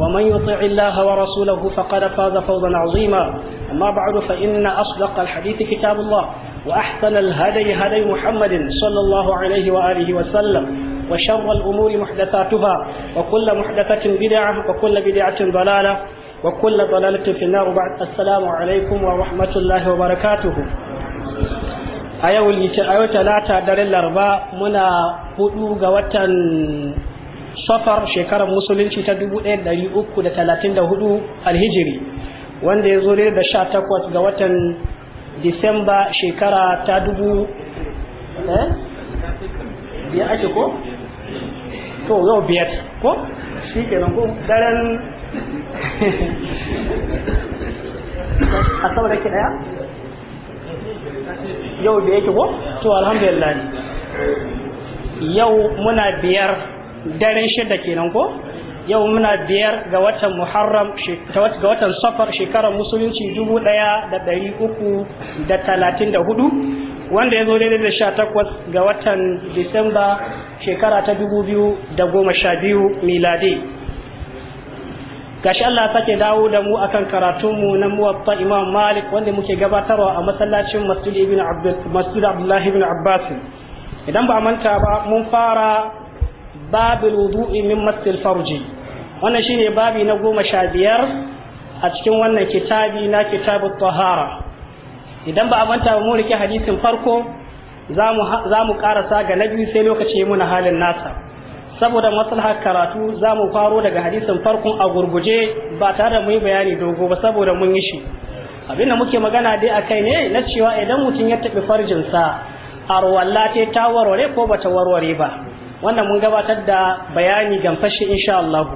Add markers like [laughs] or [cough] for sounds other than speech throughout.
ومن يطع الله ورسوله فقد فاز فوزا عظيما أما بعد فإن أصدق الحديث كتاب الله وأحسن الهدي هدي محمد صلى الله عليه وآله وسلم وشر الأمور محدثاتها وكل محدثة بدعة وكل بدعة ضلالة وكل ضلالة في النار بعد السلام عليكم ورحمة الله وبركاته a yau talata الأربعة laraba muna hudu ga watan safar shekarar musulunci ta 1334 alhijiri wanda ya zo da 18 ga watan disamba shekara ta dubu eh? ya ake ko? to yau biyar ko? shi ke nan ko daren a [laughs] saboda ke daya? yau biyar ke ko? to alhamdulillah yau muna biyar daren shida kenan ko yau muna biyar ga watan muharram ga watan safar shekarar musulunci dubu daya da dari uku da talatin da hudu wanda ya zo daidai da sha takwas ga watan disamba shekara ta dubu biyu da goma sha biyu miladi gashi Allah sake dawo da mu akan karatunmu na muwatta imam malik wanda muke gabatarwa a masallacin masjid ibn abdullahi ibn abbas idan ba manta ba mun fara باب الوضوء min مس farji wannan shine babi na goma sha biyar a cikin wannan kitabi na kitabut tahara idan ba a manta mu rike hadisin farko za mu karasa ga na biyu sai lokaci muna halin nasa saboda maslahar karatu za mu faro daga hadisin farkon a gurguje ba tare da mu yi bayani dogo ba saboda mun yi shi Abinda muke magana dai a kai ne na cewa idan mutum ya taɓi farjinsa a ruwalla ta warware ko bata warware ba wannan mun gabatar da bayani gamfashi insha Allah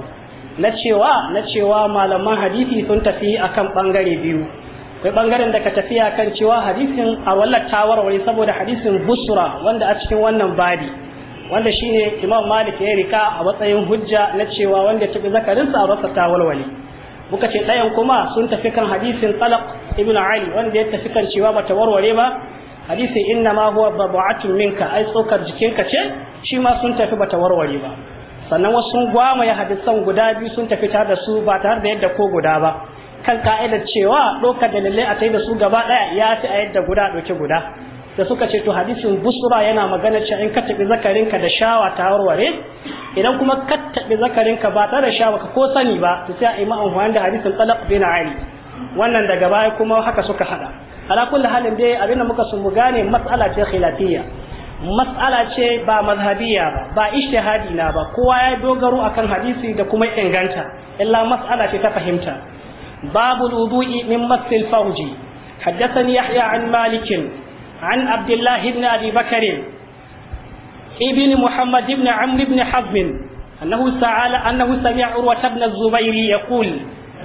na cewa na cewa malaman hadisi sun tafi akan bangare biyu kai bangaren da ka tafi akan cewa hadisin a wallata warware saboda hadisin busra wanda a cikin wannan babi wanda shine Imam Malik ya rika a matsayin hujja na cewa wanda tafi zakarin sa rasa ta walwale muka ce ɗayan kuma sun tafi kan hadisin talaq ibn Ali wanda ya tafi kan cewa bata warware ba hadisin inna ma huwa babu'atun minka ai tsokar jikinka ce shi ma sun tafi bata warware ba sannan wasu sun gwamaye hadisan guda biyu sun tafi tare da su ba tare da yadda ko guda ba kan ka'idar cewa ɗaukar dalilai a tai da su gaba ɗaya ya fi a yadda guda ɗauki guda da suka ce to hadisin Busra yana magana cewa in ka taɓi ka da shawa ta warware idan kuma ka taɓi zakarinka ba tare da shawa ka ko sani ba to sai a yi ma'amfani da hadisin talaq bin ali wannan daga baya kuma haka suka hada ala kulli halin dai abinda muka sun mu gane mas'ala ce khilafiyya mas'ala ce ba mazhabiya ba ba ijtihadi na ba kowa ya dogaro akan hadisi da kuma inganta illa mas'ala ce ta fahimta babu wudu'i min masil fawji haddathani yahya an malik an abdullah ibn abi bakr ibn muhammad ibn amr ibn hazm انه سأل انه سمع عروه بن الزبير يقول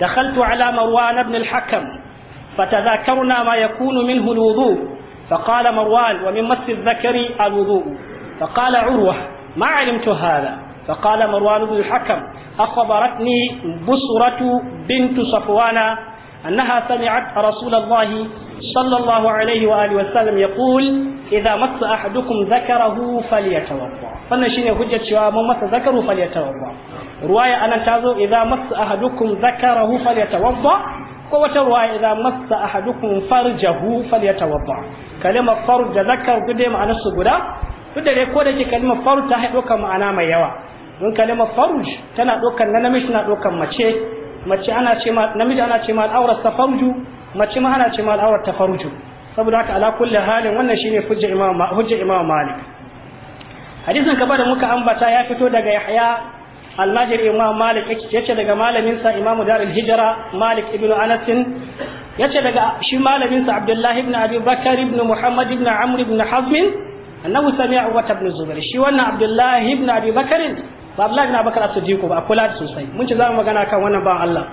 دخلت على مروان بن الحكم فتذاكرنا ما يكون منه الوضوء فقال مروان ومن مس الذكر الوضوء فقال عروة ما علمت هذا فقال مروان بن الحكم أخبرتني بصرة بنت صفوان أنها سمعت رسول الله صلى الله عليه وآله وسلم يقول إذا مس أحدكم ذكره فليتوضأ فنشين حجة شواء من مس ذكره فليتوضأ رواية أنا تازو إذا مس أحدكم ذكره فليتوضأ قوة رواية إذا مس أحدكم فرجه فليتوضأ kalimar farud da zakar duk dai ma'anar su guda duk da dai ko da ke kalimar farud ta ɗaukar ma'ana mai yawa don kalimar faruj tana ɗaukar na namiji tana ɗaukar mace mace ana ce ma namiji ana ce ma al'aurar ta faruju mace ma ana ce ma al'aurar ta faruju saboda haka ala kulli halin wannan shine hujja imam hujja imam malik hadisin gaba da muka ambata ya fito daga yahya almajir imam malik yace daga malamin sa imam darul hijra malik ibnu anas yace daga shi malamin sa Abdullah ibn Abi Bakar ibn Muhammad ibn Amr ibn Hazm annahu sami'a wa ibn Zubair shi wannan Abdullah ibn Abi Bakar ba Abdullah ibn Abubakar as-Siddiq ba kula da sosai mun ci zamu magana kan wannan ba Allah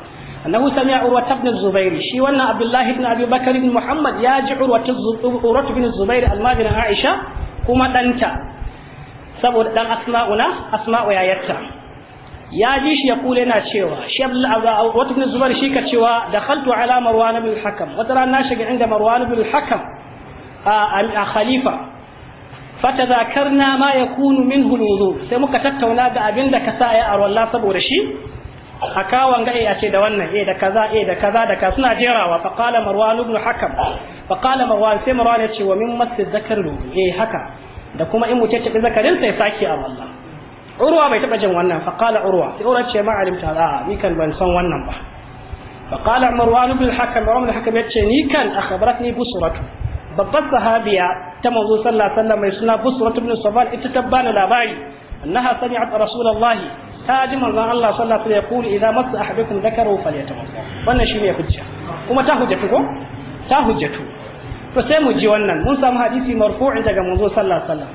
annahu sami'a Urwa ibn Zubair shi wannan Abdullah ibn Abi Bakar ibn Muhammad ya ji Urwa ibn Zubair almajirin Aisha kuma danta saboda dan Asma'una Asma'u yayarta ya ji shi ya kula yana cewa shi wata ibn zubair shi ka cewa dakhaltu ala marwan ibn al-hakam wata rana na shiga inda marwan ibn al-hakam a khalifa fatadhakarna ma yakunu minhu al-wudu sai muka tattauna ga abin da ka sa ya arwalla saboda shi a kawon ga eh, a ce da wannan eh da kaza eh da kaza da ka suna jerawa fa qala marwan ibn hakam fa qala marwan sai marwan ya ce wa min masjid zakar eh haka da kuma in mutace zakarin sai saki a wallahi urwa bai taba jin wannan fa qala urwa sai urwa ce ma alimta da ni kan ban san wannan ba fa qala marwan ibn hakam marwan ibn hakam yace ni kan akhbaratni busratu babbar sahabiya ta manzo sallallahu alaihi wasallam mai suna busratu ibn safan ita ta bani labari annaha sami'at rasulullahi ta ji manzon Allah sallallahu alaihi wasallam yaqulu idza massa ahadukum dhakaru falyatawadda wannan shine hujja kuma ta hujjatu ko ta hujjatu to sai mu ji wannan mun samu hadisi marfu'in daga manzo sallallahu alaihi wasallam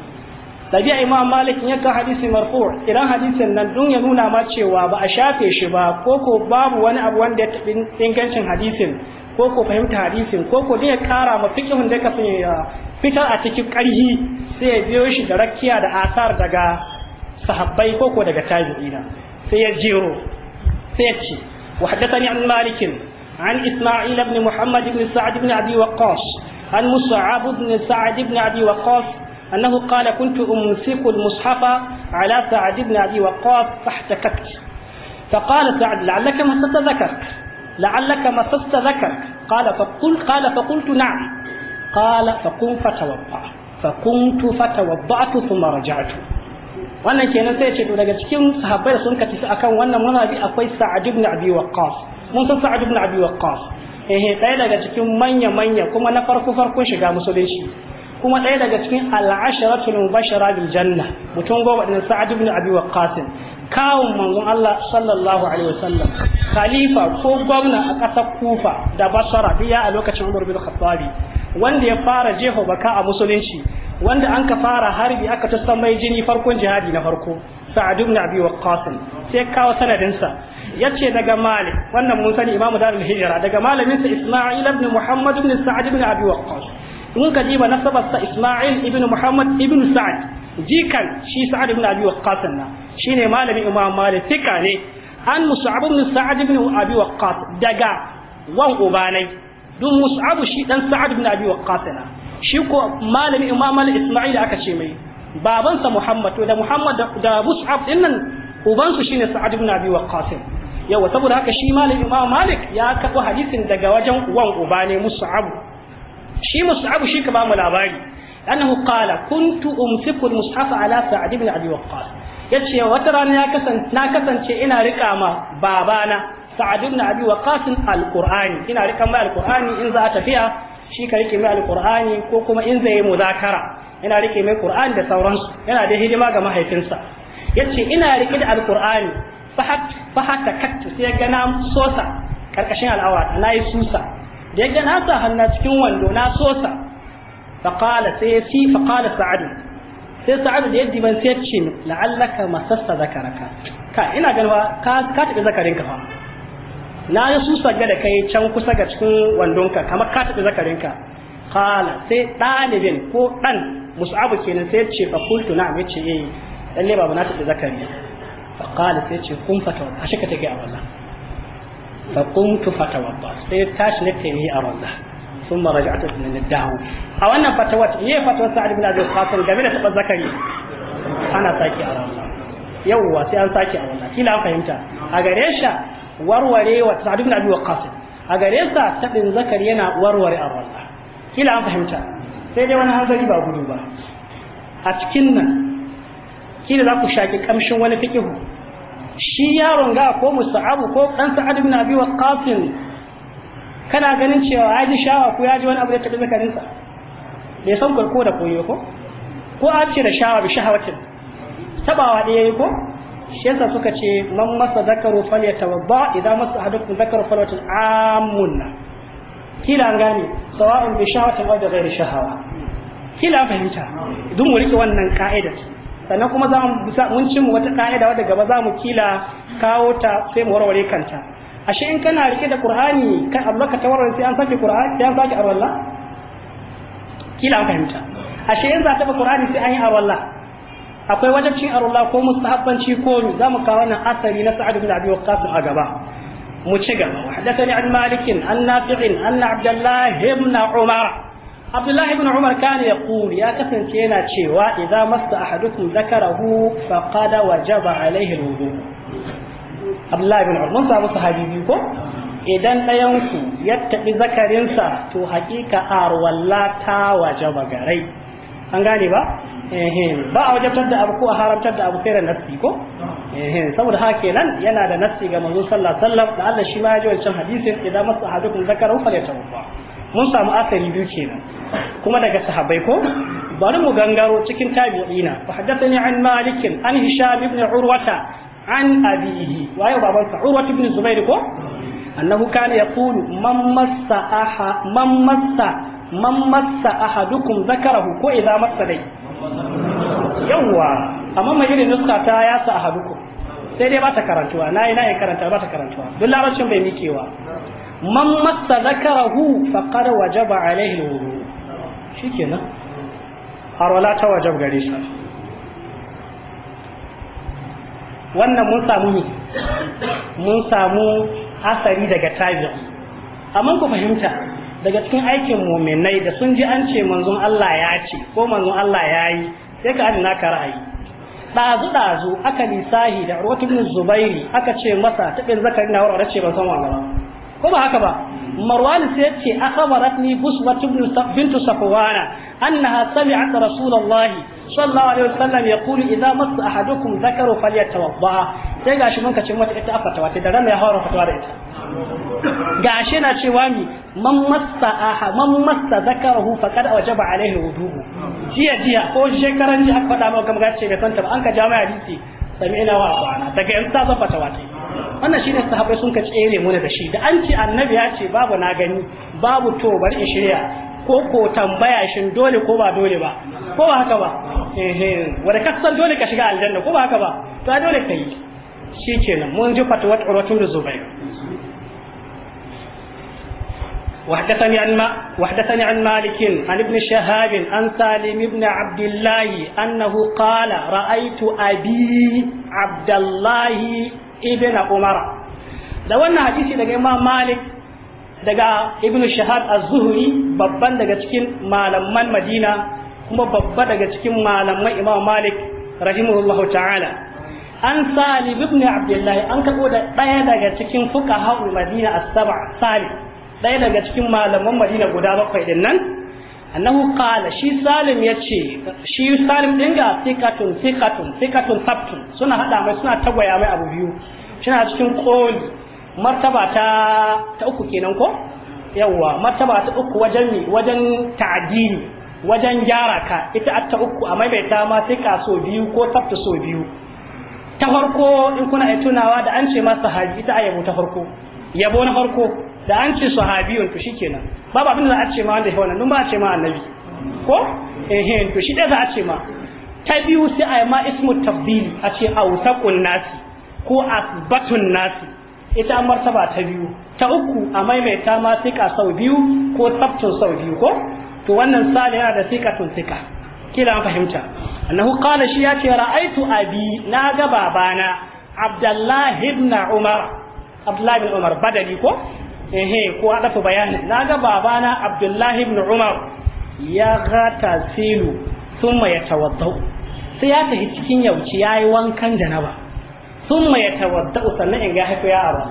tabi'a imam malik ya ka hadisi marfu idan hadisin nan dun ya nuna ma cewa ba a shafe shi ba ko ko babu wani abu wanda ya tabi ingancin hadisin ko ko fahimta hadisin ko ko dai ya kara ma fiqhun da ka fitar a cikin karhi sai ya biyo shi da rakiya da asar daga sahabbai ko ko daga tabi'ina sai ya jero sai ya ce wa haddathani an malik an isma'il ibn muhammad ibn sa'd ibn abi waqqas an mus'ab ibn sa'd ibn abi waqqas أنه قال كنت أمسك المصحف على سعد بن أبي وقاص فاحتككت فقال سعد لعلك مسست ذكرك لعلك مسست ذكرك قال فقل قال فقلت نعم قال فقم فتوضأ فقمت فتوضأت ثم رجعت wannan kenan sai ce to daga cikin sahabbai da sun ka tafi akan wannan mazhabi akwai Sa'ad ibn Abi Waqqas mun san Sa'ad ibn Abi Waqqas eh ɗaya daga cikin manya manya kuma na farko farkon shiga musulunci kuma ɗaya daga cikin al'asharatul mubashara bil janna mutum goma din sa'ad ibn abi waqqas kawun manzon Allah sallallahu alaihi wasallam khalifa ko gwamna a ƙasar Kufa da Basara biya a lokacin Umar bin Khattab wanda ya fara jeho baka a musulunci wanda an ka fara harbi aka ta mai jini farkon jihadi na farko Sa'ad ibn Abi Waqqas sai kawo sanadinsa ya ce daga Malik wannan mun sani Imam Darul hijira daga malamin sa Isma'il ibn Muhammad ibn Sa'ad ibn Abi Waqqas in ka diba nasabarsa Isma'il ibn Muhammad ibn Sa'ad jikan shi Sa'ad ibn Abi Waqqas na shine malamin Imam Malik tika ne an Mus'ab ibn Sa'ad ibn Abi Waqqas daga wan ubanai dun Mus'ab shi dan Sa'ad ibn Abi Waqqas na shi ko malamin Imam Malik Isma'il aka ce mai babansa Muhammad to da Muhammad da Mus'ab din nan ubansu shine Sa'ad ibn Abi Waqqas yawa saboda haka shi malamin Imam Malik ya karbo hadisin daga wajen uwan uba ne Mus'ab shi mus'ab shi ka ba mu labari annahu qala kuntu umsiku al-mushaf ala sa'd ibn abi waqqas yace wata rana ya kasance na kasance ina rika ma babana sa'd ibn abi waqqas al ina rika ma al in za a tafiya shi ka rike mai al ko kuma in zai yi muzakara ina rike mai qur'ani da sauransu yana da hidima ga mahaifinsa yace ina rike da al-qur'ani fahat fahata kattu sai ga na sosa karkashin al'awa na yi susa da yake na sa hannu cikin wando na sosa faqala sai ya ci faqala sa'ad sai sa'ad da yaddi ban sai ce la'allaka masassa zakaraka ka ina galwa ka ka tabi zakarin ka fa na yi susa ga da kai can kusa ga cikin wandonka kamar ka tabi zakarin ka qala sai dalibin ko dan mus'abu kenan sai ya ce fa qultu na'am yace eh lalle babu na tabi zakari faqala sai ya ce kun fata fatawa ashe ka take a wallahi فقمت فتوضا سي تاش نتني ارضا ثم رجعت من الدعوة a wannan fatawat ne fatawar Sa'ad ibn Abi Qasim game da taba zakari ana saki a wannan yawwa sai an saki a wannan kila an fahimta a gare shi warware wa Sa'ad ibn Abi a gare tabin yana warware a an fahimta sai dai wani hanzari ba gudu ba a cikin nan kila za ku shaki ƙamshin wani fikihu shi yaron ga ko musa'abu ko dan sa'ad ibn abi waqqas kana ganin cewa ya ji shawa ko yaji wani abu da ta zakarin sa bai san kurko da koyo ko ko a ce da shawa bi shahawatin tabawa da yayi ko shi yasa suka ce man masa zakaru fal falyatawadda idan masa ahadukum zakaru fal falyatul amunna kila an gane sawa'un bi shahawatin aw da ghairi shahawa kila fahimta dun mu rike wannan ka'idar sannan kuma za mu mun cin wata ka'ida wadda gaba za mu kila kawo ta sai mu warware kanta ashe in kana rike da qur'ani kan abu ka tawarware sai an sake qur'ani sai an sake arwalla kila an fahimta ashe in za ta ba qur'ani sai an yi arwalla akwai wajibcin arwalla ko mustahabbanci ko za mu kawo nan asari na sa'ad ibn abi waqqas a gaba mu ci gaba hadathani an malikin an nafi'in anna abdullah ibn umar Abdullahi ibn Umar kana ya kuri ya kasance yana cewa idza massa ahadukum zakarahu faqad wajaba alaihi alwudu Abdullahi ibn Umar mun samu sahabi biyu ko idan ɗayan ku ya taɓi zakarinsa to hakika arwalla ta wajaba garai an gane ba ba a wajabtar da abu ko a haramtar da abu sai da nafsi ko eh saboda haka kenan yana da nafsi ga manzo sallallahu alaihi wasallam da Allah shi ma ya ji wancan hadisin idan masa ahadukum zakarahu falyatawaffa mun samu asali biyu kenan kuma daga sahabbai ko bari mu gangaro cikin tabi'ina fa haddathani an malik an hisham ibn urwata an abihi ya baban sa urwata ibn zubair ko annahu kana yaqulu man massa aha man massa man massa ahadukum zakarahu ko idza massa dai yawwa amma mai irin nuska ta ya sa ahadukum sai dai ba ta karantuwa nayi nayi karanta ba ta karantuwa duk larabcin bai mikewa man massa zakarahu faqad wajaba alaihi alwudu har wala ta wajab gare shi wannan mun samu ne mun samu asari daga tabi amma ku fahimta daga cikin aikin muminai da sun ji an ce manzon Allah ya ce ko manzon Allah ya yi sai ka amina ka ra'ayi ɗazu ɗazu aka lisahi da ruwatun zubairi aka ce masa tabin zakari na wurare ce ban san wa ba ko ba haka ba marwan sai ce akhbaratni busma bint safwana annaha sami'at rasulullahi sallallahu alaihi wasallam yaqulu idza massa ahadukum dhakaru falyatawadda sai gashi mun kace mata ita afata wata da ranar ya haura da ita gashi na cewa mi man massa aha man massa dhakarahu faqad wajaba alaihi wudu jiya jiya ko shekaran ji aka faɗa maka magana ce santa an ka jama'a hadisi wa daga in zafata wata wannan shine sahabbai sun ka tsere mu da shi da an ce annabi ya ce babu na gani babu to bar in shirya ko ko tambaya shin dole ko ba dole ba ko ba haka ba eh wanda ka san dole ka shiga aljanna ko ba haka ba to dole ka yi shikenan mun ji fatwat urwatu da zubair وحدثني عن ما وحدثني عن مالك عن ابن شهاب عن سالم بن عبد الله أنه قال رأيت أبي عبد الله ibn umar da wannan hadisi daga imam malik daga ibn shahad az-zuhri babban daga cikin malaman madina kuma babba daga cikin malaman imam malik rahimahullahu ta'ala an salib ibn abdullahi an kago da daya daga cikin fuqaha'ul madina as-sab'a salib daya daga cikin malaman madina guda bakwai din nan annahu qala shi salim yace shi salim dinga sikatun sikatun sikatun sabtun suna hada mai suna tagwaya mai abu biyu suna cikin koli martaba ta ta uku kenan ko yawa martaba ta uku wajen mi wajen ta'dili wajen gyara ka ita ta uku a maimaita ma sika so biyu ko sabtu so biyu ta farko in kuna iya tunawa da an ce masa haji ita a yabo ta farko yabo na farko da an ce sahabiyun to shikenan babu abin da za a ce ma wanda ya wannan ba a ce ma annabi ko eh to shi da za a ce ma ta biyu sai a yi ma ismu tabbili a ce awsaqun nasi ko asbatun nasi ita martaba ta biyu ta uku a maimaita ma sika sau biyu ko tabtun sau biyu ko to wannan Sani yana da sika tun sika kila an fahimta annahu qala shi yace ra'aitu abi na ga babana abdullahi ibn umar abdullahi ibn umar badali ko ehe ko adafu bayanin ga babana abdullahi ibn umar ya ga tasilu silu ya yatawaddau sai ya tafi cikin yauci yayi wankan janaba ya yatawaddau sannan in ga haifu ya arwa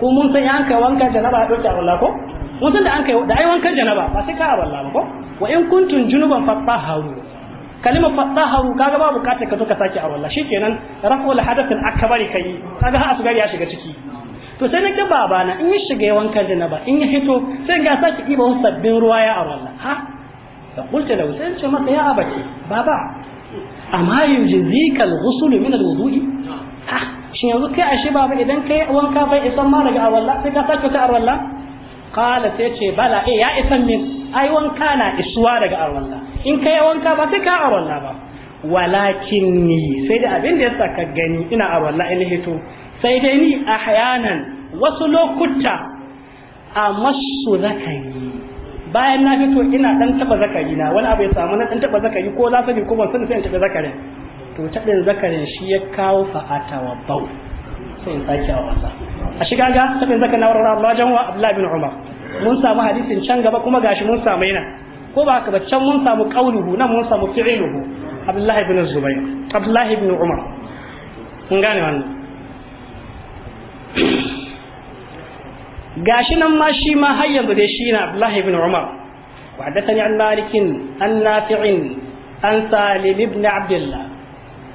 ko mun san an kai wankan janaba a ta Allah ko mun san da an kai da ai wankan janaba ba sai ka ba ko wa in kuntun junuban haru kalimar haru kaga babu bukatar ka zo ka sake a wallah shikenan al hadath al akbari kai kaga har asgari ya shiga ciki to sai na ga babana in ya shiga ya wanka ba in ya fito sai ga sake ɗiba wasu sabbin ruwa ya arwalla ha da kulta da wuce ce masa ya abace baba amma yujzika al-ghusl min al-wudu'i ha shin yanzu kai ashe baba idan kai wanka bai isan ma daga arwalla sai ka sake ta arwalla qala sai ce bala eh ya isan min ai wanka na isuwa daga arwalla in kai wanka ba sai ka arwalla ba walakin ni sai da abin da ya saka gani ina arwalla in hito sai dai ni hayanan wasu lokuta a masu zakari bayan na fito ina dan taba zakari na wani abu ya samu na dan taba zakari ko za sani ko ban sani sai in taba zakarin to tabin zakarin shi ya kawo fa'ata wa bau sai in sake a wasa a shiga ga tabin zakarin na warwara Allah wa Abdullah bin Umar mun samu hadisin can gaba kuma gashi mun samu yana ko ba haka ba can mun samu qauluhu nan mun samu fi'iluhu Abdullah bin Zubair Abdullah bin Umar Mun gane wannan Gaashinan [coughs] nan ma shi ma har yanzu dai shi na Abdullah ibn Umar وحدثني عن مالك عن نافع عن سالم بن عبد الله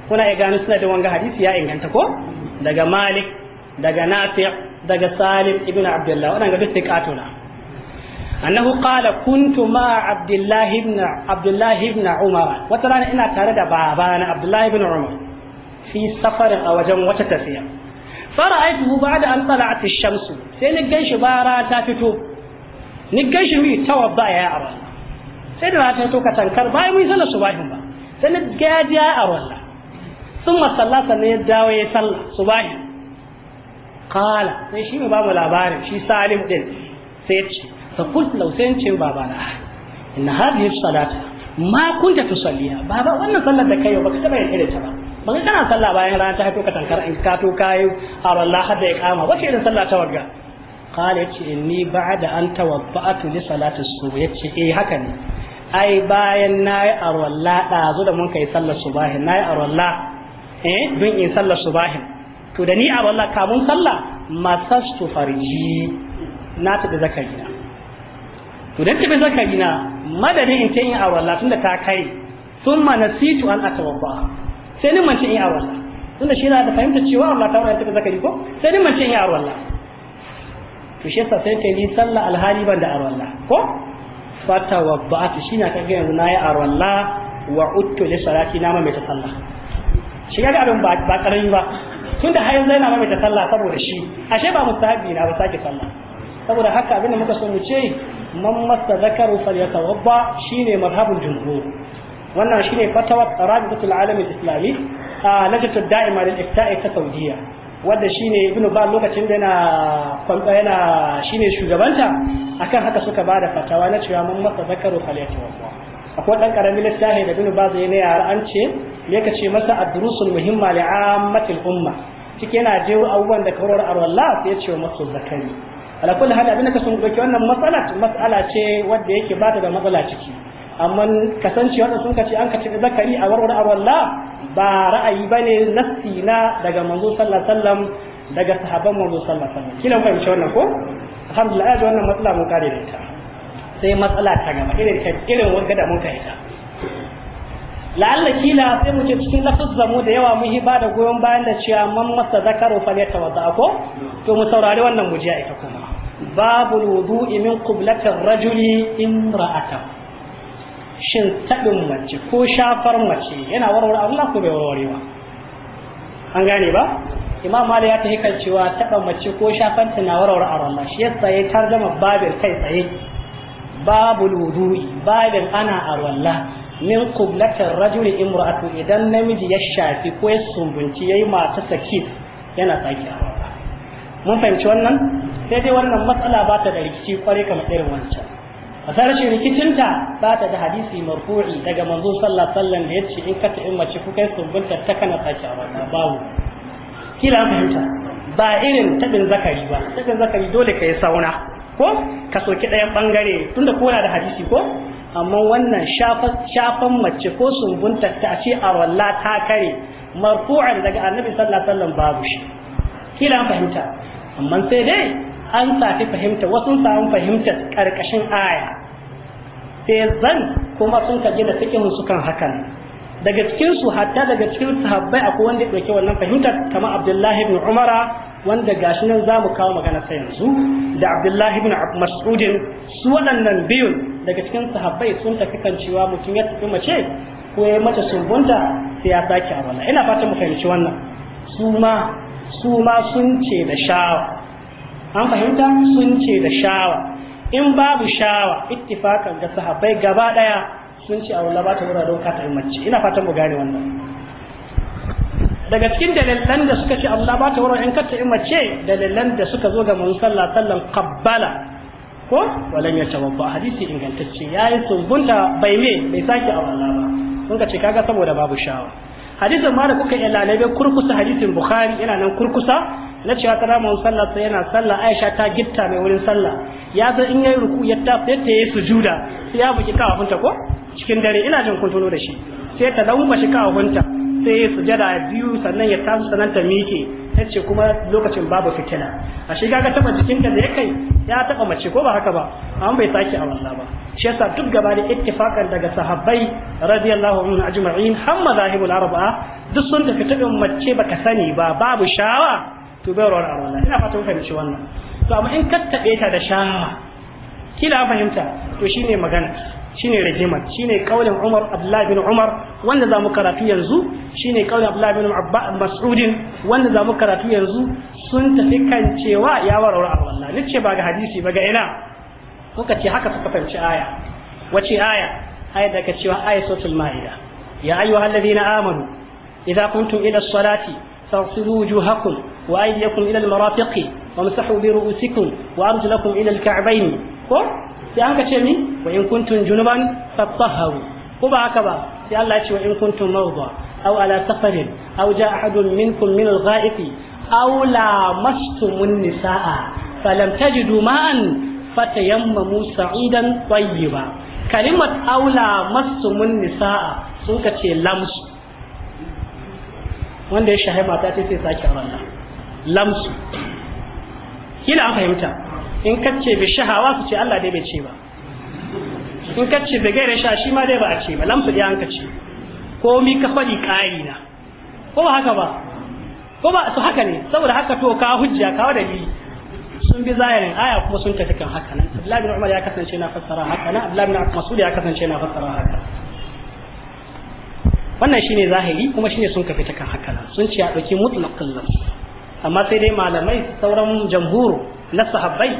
kuna ya gano suna da wanga hadisi ya inganta daga malik daga nafi daga salim ibn abdullah waɗanda duk sai na annahu qala kuntu ma abdullah ibn abdullah ibn umar wata rana ina tare da baba na abdullah umar fi safarin a wajen wata tafiya fara'aituhu ba'da an tala'at ash-shamsu sai ni ganshi bara ta fito ni ganshi mi tawadda ya ara sai da ta to katankar bai mu sallar subahin ba sai ni gaji ya ara wallah Sun salla sannan ya dawo ya salla subahin qala sai shi ba mu labarin shi salim din sai ya ce fa qult law sai ce babana ah, inna hadhihi salata ma kunta tusalliya baba wannan sallar da kai ba ka taba yin irin ta ba ba kana sallah bayan ranar ta fito ka tankar in ka to kai Allah hadda iqama wace irin sallah ta wagga qala yace inni ba'da an tawaffa'tu li salati subh yace eh haka ne ai bayan nayi arwalla dazu da mun kai sallar subahin nayi arwalla eh don in sallar subahin to da ni arwalla kamun sallah masastu farji na tabi zakari na to dan tabi zakari na madadin in ta yin arwalla tunda ta kai thumma nasitu an atawaffa sai ni mance in yi arwalla tunda shi na da fahimta cewa Allah ta wani taɓa zakari ko sai ni mance in yi arwalla to shi yasa sai kai yi sallah alhali ban da Allah ko fata wa ba'ati shi na kaga yanzu na yi Allah wa uttu li salati na mai ta sallah shi ga abin ba karami ba tunda har yanzu yana mai ta sallah saboda shi ashe ba mustahabi na ba sake sallah saboda haka abin da muka so mu ce man masa zakaru falyatawabba shine marhabun jumhur wannan shine fatawa rabitul alam islami a lajnatu da'ima lil ifta'i ta saudiya wanda shine ibnu ba lokacin da yana yana shine shugabanta akan haka suka bada fatawa na cewa mun masa zakaru falyatu wa akwai dan karamin littafi da ibnu ba zai ne yara an ce me ka ce masa ad-durusul muhimma li ammatil umma cike yana jero abubuwan da kawar arwallah sai ya ce masu zakari ala kulli hal abin da ka sun dauki wannan mas'ala matsala ce wanda yake bata da matsala ciki amma kasance wanda sun kace an kace zakari a warware Allah ba ra'ayi bane nassi na daga manzo sallallahu alaihi wasallam daga sahabban manzo sallallahu alaihi wasallam kila fahimci wannan ko alhamdulillah ya wannan matsala mun kare da ita sai matsala ta gama irin ta irin wanda da mun kai ta la'alla kila sai mu ce cikin da mu da yawa mun yi bada goyon bayan da cewa man masa zakaru fa ya tawadda ko to mu saurari wannan mujiya ita kuma babul wudu'i min qiblatir rajuli imra'atahu shin taɓin mace ko shafar mace yana warware Allah ko bai warware ba an gane ba imam mali ya tafi kan cewa taɓa mace ko ta na warware Allah shi yasa ya tarjama babin kai tsaye babul wudu'i babin ana a arwalla min qublatir rajuli imra'atu idan namiji ya shafi ko ya sumbunci yayi mata sakif yana tsaki mun fahimci wannan sai dai wannan matsala ba ta da rikici kwarai kamar irin wancan masarar shi rikicinta ba ta da hadisi marfu'i daga manzo sallallahu alaihi wasallam da yace in ka ta in mace ku kai sumbunta ta kana sake a wannan babu kila an fahimta ba irin tabin zakari ba tabin zakari dole ka yi sauna ko ka soki ɗayan bangare tunda ko da hadisi ko amma wannan shafan mace ko sumbunta ta ce a walla ta kare marfu'an daga annabi sallallahu alaihi wasallam babu shi kila an fahimta amma sai dai an safi fahimta wasu samu fahimta karkashin aya sai zan kuma sun kaje da fiqhin su kan hakan daga cikin su hatta daga cikin sahabbai akwai wanda ya wannan fahimtar kamar Abdullahi ibn Umara wanda gashi nan zamu kawo magana yanzu da Abdullahi ibn Mas'ud su waɗannan biyun daga cikin sahabbai sun tafi kan cewa mutum ya tafi mace ko ya mata sumbunta sai ya sake a wannan ina fatan mu fahimci wannan su ma su ma sun ce da shawa an fahimta sun ce da shawa in babu shawa ittifakan ga sahabbai gaba daya sun ce aula ba ta wuraren don ka ta mace ina fatan mu gane wannan daga cikin dalilan da suka ce Allah ba ta wuraren in ka ta mace dalilan da suka zo ga manzon sallallahu alaihi wasallam qabbala ko walan ya tawabba hadisi ingantacce yayi sumbunta bai me bai sake aula ba sun ka ce kaga saboda babu shawa hadisin ma da kuka ilalai bai kurkusa hadisin bukhari yana nan kurkusa na cewa kana mun sallah sai yana sallah Aisha ta gitta mai wurin sallah ya san in yayi ruku ya ta fete yayi sujuda sai ya buki kafafunta ko cikin dare ina jin kun tono da shi sai ta dan bashi kafafunta sai ya sujada biyu sannan ya tasu sannan ta miƙe tace kuma lokacin babu fitila shi kaga taba cikin da ya kai ya taba mace ko ba haka ba amma bai saki a wannan ba shi yasa duk gaba da ittifakan daga sahabbai radiyallahu anhu ajma'in hamma zahibul arba'a duk sun tafi tabin mace baka sani ba babu shawa to bai rawar arwala ina fata kun fahimci wannan to amma in kattabe ta da shaha kila fahimta to shine magana shine rajima shine kaulin Umar Abdullahi bin Umar wanda zamu karatu yanzu shine kaulin Abdullahi bin Abbas Mas'ud wanda zamu karatu yanzu sun tafi kan cewa ya warawar arwala nace ba ga hadisi ba ga ina muka ce haka suka fahimci aya wace aya aya da ka cewa ayatul maida ya ayyuhallazina amanu idza kuntum ila as-salati فاغسلوا وجوهكم وأيديكم إلى المرافق وامسحوا برؤوسكم وأرجلكم إلى الكعبين ko sai aka ce ni wa in kuntum junuban fatahharu ko ba haka ba sai Allah ya ce wa in kuntum mawdha aw ala safarin aw jaa ahadun minkum min al-gha'ib aw lamastumun nisaa falam tajidu ma'an fatayammamu sa'idan tayyiba kalimat ce lamsu wanda ya shahi mata ce sai sake ranar lamsu kila an fahimta in kace bi shahawa su ce Allah dai bai ce ba in kace bi gaira sha shi ma dai ba a ce ba lamsu dai an kace ko mi ka faɗi ƙari na ko ba haka ba ko ba su haka ne saboda haka to ka hujja ka dalili sun bi zahirin aya kuma sun tafi kan haka nan Abdullahi bin Umar ya kasance na fassara haka nan Abdullahi bin Mas'ud ya kasance na fassara haka wannan shine zahiri kuma shine sun kafi ta kan haka sun ce a ɗauki mutlaqin nafs amma sai dai malamai sauran jamhuri na sahabbai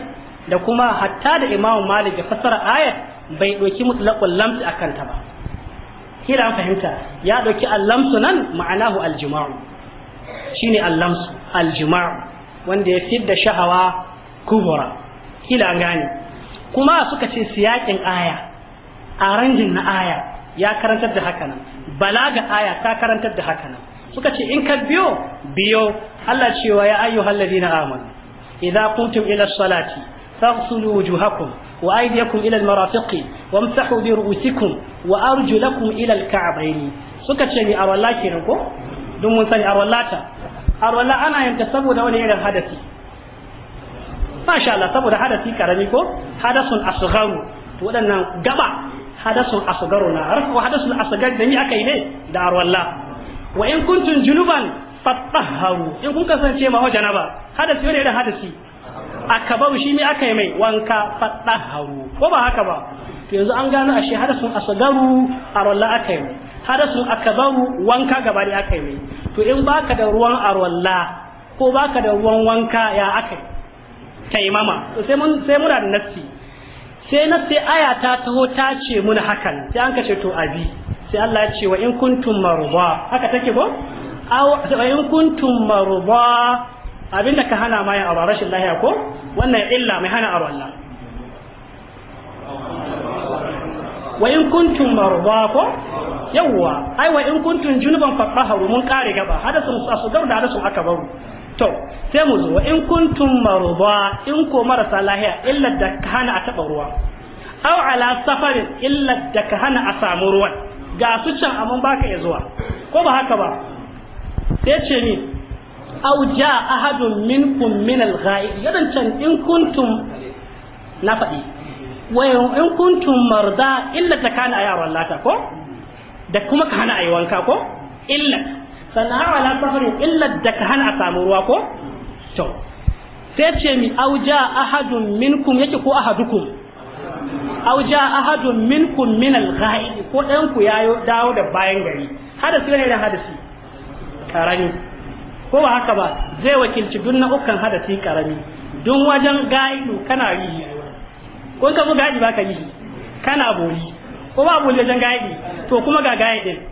da kuma hatta da imamu malik ya fassara ayat bai ɗauki mutlaqul lamsi akan ta ba kila an fahimta ya ɗauki allamsu nan ma'anahu aljima'u shine allamsu aljima'u wanda ya fidda shahawa kubura kila gane kuma suka ce siyakin aya a ranjin na aya ya karantar da haka nan Bala ga aya ta karantar da haka nan suka ce in ka biyo biyo Allah cewa ya ayyuhal na amanu idza qumtum ila salati faghsulu wujuhakum wa aydiyakum ila almarafiqi wamsahu bi ru'usikum wa arjulakum ila alka'bayn suka ce ni arwalla kenan ko dun mun sani ana yanta saboda wani irin hadasi masha Allah saboda hadasi karami ko hadasun asgharu to waɗannan gaba hadasun asgaruna wa hadasun asgar da ni akai ne da arwalla wa in kuntum junuban fatahharu in kun kasance ma hojana ba hadasi ne da hadasi akabaru shi mi akai mai wanka fatahharu ko ba haka ba to yanzu an gano ashe hadasun asgaru arwalla akai mai hadasun akabaru wanka gaba da akai mai to in baka da ruwan arwalla ko baka da ruwan wanka ya akai taimama to sai mun sai muna da nassi sai na sai aya ta taho ta ce mun hakan sai an kace to abi sai Allah ya ce wa in kuntum marba haka take ko aw wa in kuntum marba abinda ka hana ma yin abu rashin lahiya ko wannan illa mai hana abu Allah wa in kuntum marba ko yawwa ai wa in kuntum junuban fatahuru mun kare gaba hadasun asgar da aka baro? to sai mu zo in kuntum maruba in ko marasa lahiya illa da ka hana a taba ruwa aw ala safarin illa da ka hana a samu ruwan ga su can amma baka ya zuwa ko ba haka ba sai ce ni aw ja ahadun minkum min al-ghaib yadan can in kuntum na faɗi Wai in kuntum marda illa hana a ayaran lata ko da kuma ka hana ayi wanka ko illa sannan har wala safarin illa da ka hana a samu ruwa ko to sai ce mi auja ahadun minkum yake ko ahadukum auja ahadun minkum min al ko dan ku yayo dawo da bayan gari hadasi ne da hadasi karami ko ba haka ba zai wakilci duk na ukan hadasi karami dun wajen gaidu kana yi ko ka buga gaidi ba ka yi kana boli ko ba boli wajen gaidi to kuma ga gaidin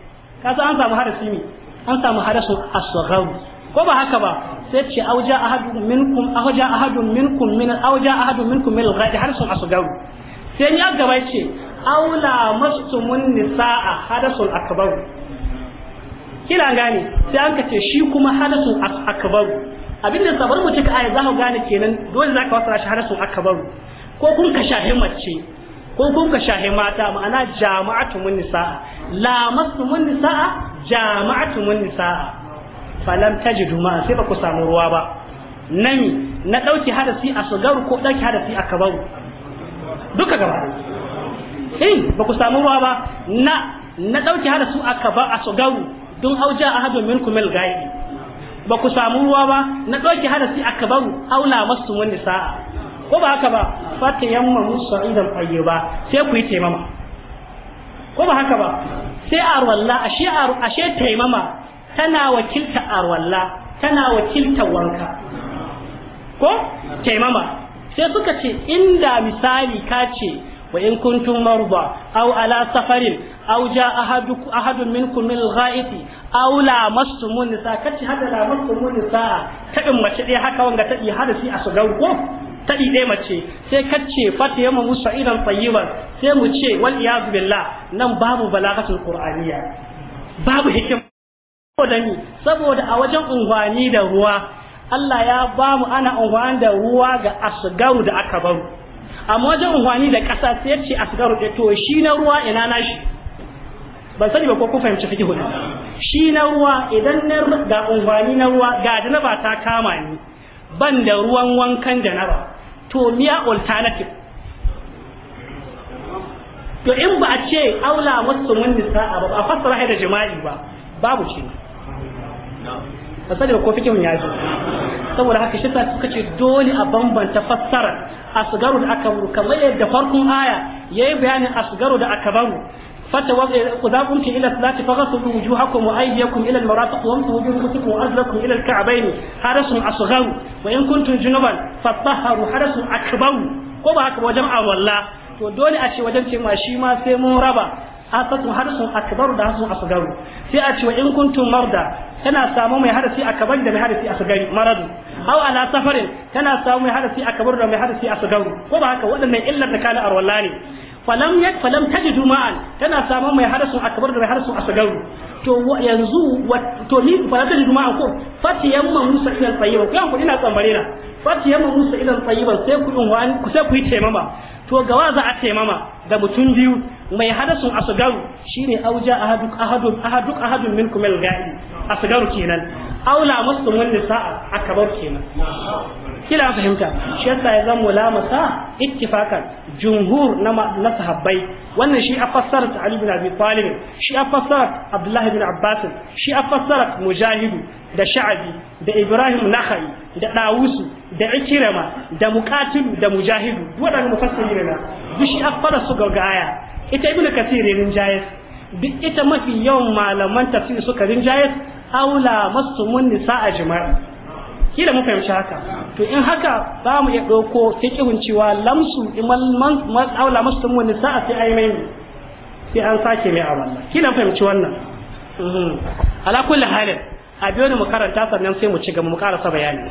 ka san an samu hadasi ne an samu hadasu asghar ko ba haka ba sai ce auja ahadun minkum auja ahadun minkum min auja ahadun minkum min al-ghadi hadasu sai ni ya gaba ce aula mastumun nisaa hadasul akbar kila gane sai an ka ce shi kuma hadasul akbar abinda sabar mu cika aya za ku gane kenan dole za ka wasa shi hadasun akbar ko kun ka shahi mace ko kun ka shahe mata ma'ana jama'atu mun nisa'a lamastu mun nisa'a jama'atu mun nisa'a falam tajidu ma sai ba ku samu ruwa ba nami na dauki hadasi a sugaru ko dauki hadasi a kabaru duka gaba in ba ku samu ruwa ba na na dauki hadasu a kabaru a sugaru dun auja ahadun minkum al gaibi ba ku samu ruwa ba na dauki hadasi a kabaru aula mastu mun nisa'a ko ba haka ba fata yammamu sa'idan ba, sai ku yi taimama ko ba haka ba sai arwalla ashe ashe taimama tana wakilta arwalla tana wakilta wanka ko taimama sai suka ce inda misali ka ce wa in kuntum marda aw ala safarin aw jaa ahadukum ahadun minkum min al-gha'iti aw lamastum nisa kace hada lamastum nisa ta din mace dai haka wanga ta hada sai a su gauko ta ɗaya mace sai kacce fata yamma musa idan tsayiban sai mu ce wal iyazu billah nan babu balagatul qur'aniya babu hikima saboda ni saboda a wajen unguwani da ruwa Allah ya ba mu ana unguwani da ruwa ga asgaru da aka baru amma wajen unguwani da ƙasa sai ya ce asgaru da eh, to shi na ruwa ina na shi ban sani ba ko ku fahimci fikihu shi na ruwa idan na ga unguwani na ruwa ga da na ba ta kama ni ban da ruwan wankan janaba to miya alternative to in ba a ce aula wasu mun a ba a fassara da jima'i ba babu ce ba sani ko fikihun ya zo saboda haka shi suka ce dole a bambanta fassara asgaru da akabaru kamar yadda farkon aya yayi bayanin asgaru da akabaru فإذا قمت إلى الصلاة فغسلوا وجوهكم وأيديكم إلى المرافق وامسوا برؤوسكم وأرجلكم إلى الكعبين حرس أصغر وإن كنتم جنبا فطهروا حرس أكبر وما أكبر جمع والله to dole a ce wajen ce ma shi ma sai mun raba hasasun harsun akbar da harsun asgaru sai a ce wa in kuntum marda tana samu mai harasi akbar da mai harasi asgari maradu aw ala safarin tana samu mai harasi akbar da mai harasi asgaru ko ba haka waɗannan illar da kana arwalla ne falam yak falam tajidu ma'an kana samun mai harsun akbar da mai harsun asgaru to yanzu to ni falam tajidu ma'an ko fatiyan man musa ila tayyiba ku yanku ina tsambare na fatiyan man musa ila tayyiba sai ku in wani ku sai ku yi taimama to ga wa za a taimama da mutum biyu mai hadasun asgaru shine auja ahaduk ahadun ahaduk ahadun minkum al-ga'i asgaru kenan aula muslimun nisa'a akabar kenan kila fahimta shi yasa ya zama lamasa ittifakan jumhur na na sahabbai wannan shi a fassarar Ali bin Abi Talib shi a fassara Abdullah ibn Abbas shi a fassara Mujahidu da Sha'abi da Ibrahim Nakhai da Dawusu da Ikrama da Muqatil da Mujahidu waɗannan mufassirin na duk shi a fara su gaya ita Ibn Kathir rinjaye duk ita mafi yawan malaman tafsir suka rinjaye aula mastumun nisa a jima'i ki kila mun fahimci haka to in haka za mu iya ɗauko fiqhun cewa lamsu imal man aula mastumun nisa sai ai mai sai an sake mai a wannan ki kila mun fahimci wannan mhm. ala kulli halin a biyo mu karanta sannan sai mu ci gaba mu karasa bayani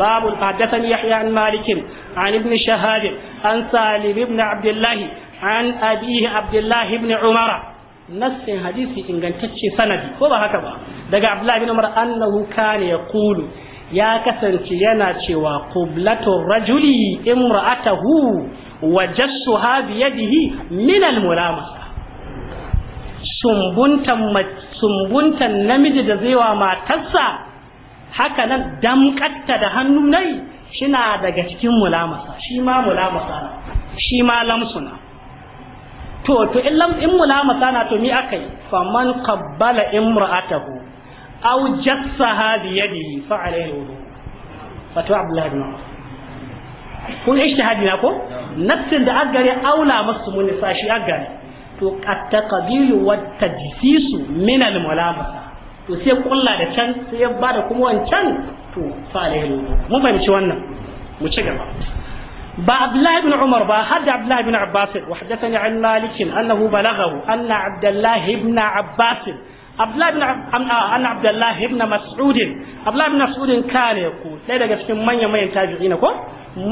باب حدثني يحيى عن مالك عن ابن شهاب عن سالم بن عبد الله عن أبيه عبد الله بن عمر nassin hadisi ingantacce sanadi ko ba haka ba daga abdullahi bin umar annahu kana yaqulu ya kasance yana cewa qublatur rajuli imra'atahu wa jassuha bi yadihi min minal mulamasa sumbuntan namiji da zai wa matarsa hakanan nan da hannu nai shina daga cikin mulamasa shi ma mulamasa shi ma lamsuna to to in lam in mulamasa na to mi akai faman qabbala imra'atahu aw jassaha bi yadihi fa alayhi wudu fa to abdullah ibn kun ijtihadi na ko nafsin da agare aula masu mun sashi agare to at-taqbilu wat tajsisu min al-mulamasa to sai kulla da can sai ya bada kuma wancan to fa alayhi wudu mun fahimci wannan mu ci gaba ba عبد الله بن عمر har da عبد الله بن عباس وحدثني عن مالك انه بلغه ان عبد الله بن عباس عبد الله بن ان عبد الله بن مسعود عبد الله بن مسعود كان يقول sai daga cikin manyan manyan tabi'ina ko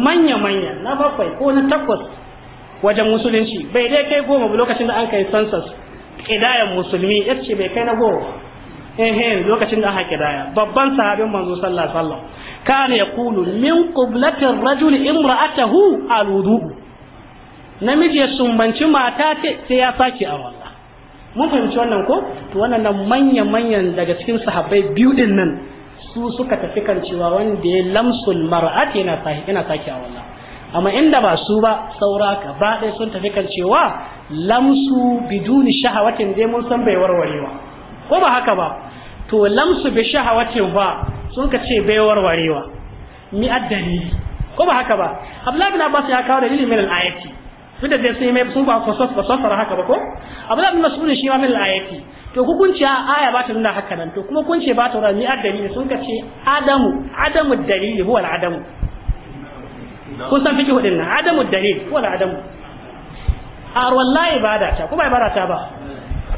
manya manya na bakwai ko na takwas wajen musulunci bai dai kai goma ba lokacin da an kai census kidayan musulmi yace bai kai na goma eh lokacin da aka kidaya babban sahabin manzo sallallahu alaihi wasallam kana Kulu min qiblati ar-rajuli imra'atahu a wudu namiji ya sumbanci mata sai ya sake a mun fahimci wannan ko to wannan manya manyan daga cikin sahabbai biyu din nan su suka tafi kan cewa wanda ya lamsul mar'at yana sake yana sake a wallah amma inda ba su ba saura ba ɗaya sun tafi kan cewa lamsu biduni shahawatin dai mun san bai warwarewa ko ba haka ba to lamsu bi shahawatin ba sun ka ce bai warwarewa mi addalili ko ba haka ba abdullahi bin abbas ya kawo dalili min al-ayati tunda dai sai mai sun ba fasara haka ba ko abdullahi bin mas'ud shi ma min al-ayati to hukunci aya ba ta nuna haka nan to kuma kunce ba ta nuna mi addalili sun ka ce adamu adamu dalili huwa al-adamu kun san fiqh din nan adamu dalil huwa al-adamu a wallahi ibada ta kuma ibada ta ba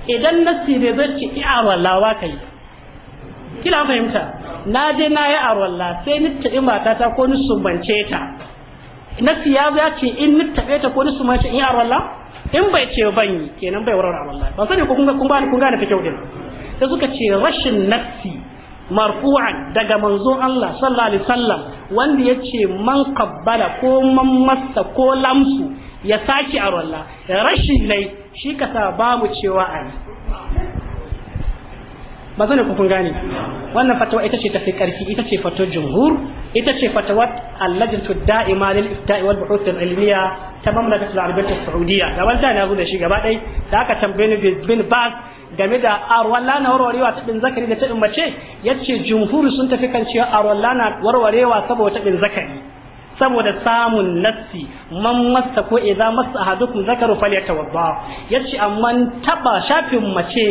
idan nasi bai zai ci a wallahi ba kai kila fahimta na je na yi arwalla sai ni taɓi matata ko ni sumbance ta na siya ya ce in ni taɓe ta ko ni sumbance in yi arwalla in bai ce ban yi kenan bai warware arwalla ban sani ko kun gane kun gane ta kyau din sai suka ce rashin nafsi marfu'an daga manzon Allah sallallahu alaihi wasallam wanda yace man qabbala ko man massa ko lamsu ya saki arwalla rashin nai shi ka sa mu cewa ai ba zane kun gane wannan fatawa ita ce tafi karfi ita ce fatawar jumhur ita ce fatawar allajintu da'ima lil ifta'i wal buhuth al ilmiya ta mamlakat al arabiyyah saudiyya da wanda na zo da shi gaba dai da aka tambaye ni bin bas. game da arwalla warwarewa ta bin zakari da ta bin mace yace jumhur sun tafi kan cewa arwalla warwarewa saboda ta bin zakari saboda samun nassi man masa ko idza masa ahadukum zakaru falyatawadda yace amma taba shafin mace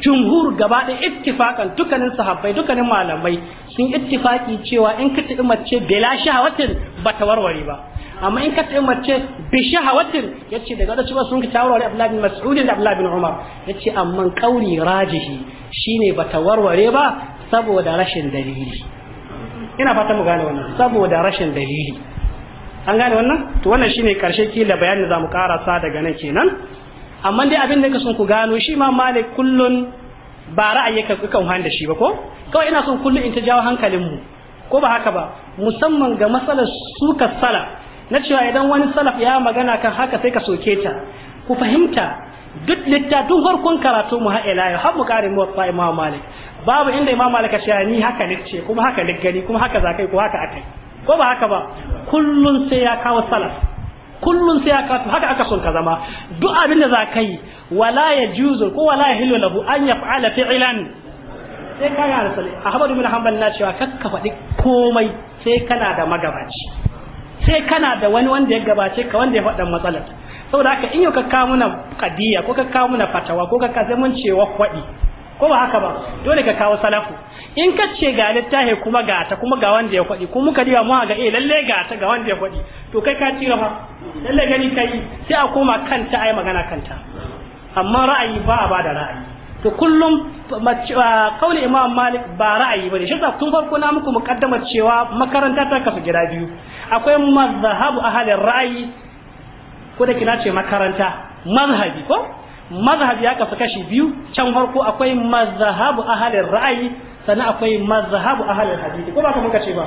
jumhur gaba da ittifakan dukkanin sahabbai dukkanin malamai sun ittifaki cewa in ka taɓi mace bela shahawatin ba ta warware ba amma in ka taɓi mace bi shahawatin yace daga da cewa sun ka tawarware Abdullahi bin Mas'ud da Abdullahi bin Umar yace amma kauri rajihi shine ba ta warware ba saboda rashin dalili ina fata mu gane wannan saboda rashin dalili an gane wannan to wannan shine karshe kila bayanin zamu karasa daga nan kenan amma dai abin da ka son ku gano shi ma malik kullun ba ra'ayi ka kukan da shi ba ko kawai ina son kullun in ta jawo hankalin mu ko ba haka ba musamman ga matsalar suka sala na cewa idan wani salaf ya magana kan haka sai ka soke ta ku fahimta duk duk farkon karatu mu ha'ila ya har mu kare mu wa imam malik babu inda imam malik ya ni haka litce kuma haka liggani kuma haka zakai ko haka akai ko ba haka ba kullun sai ya kawo salaf Kullum sai aka haka aka son ka zama duk abin da za ka yi wala ya juzu ko wala ya hilu lahu an fa'ala fi'lan sai ka ga rasali ahmadu bin hanbal na cewa kakka faɗi komai sai kana da magabaci sai kana da wani wanda ya gabace ka wanda ya faɗa matsalar saboda haka in yau ka kawo muna kadiya ko ka kawo muna fatawa ko ka kawo mun cewa faɗi ko ba haka ba dole ka kawo salafu in ka ce ga littahi kuma ga ta kuma ga wanda ya kwadi kuma ka diwa mu ga eh lalle ga ta ga wanda ya kwadi to kai ka tira fa lalle gani kai sai a koma kanta ai magana kanta amma ra'ayi ba a bada ra'ayi to kullum kauli ah, imam malik ba ra'ayi bane shi tun farko na muku mukaddamar cewa makaranta ta kafa gida biyu akwai mazhabu ahalin ra'ayi ko da kina ce makaranta mazhabi ko mazhab ya kasu kashi biyu can farko akwai mazhabu ahalin ra'ayi sannan akwai mazhabu ahalin hadisi ko ba ka muka ce ba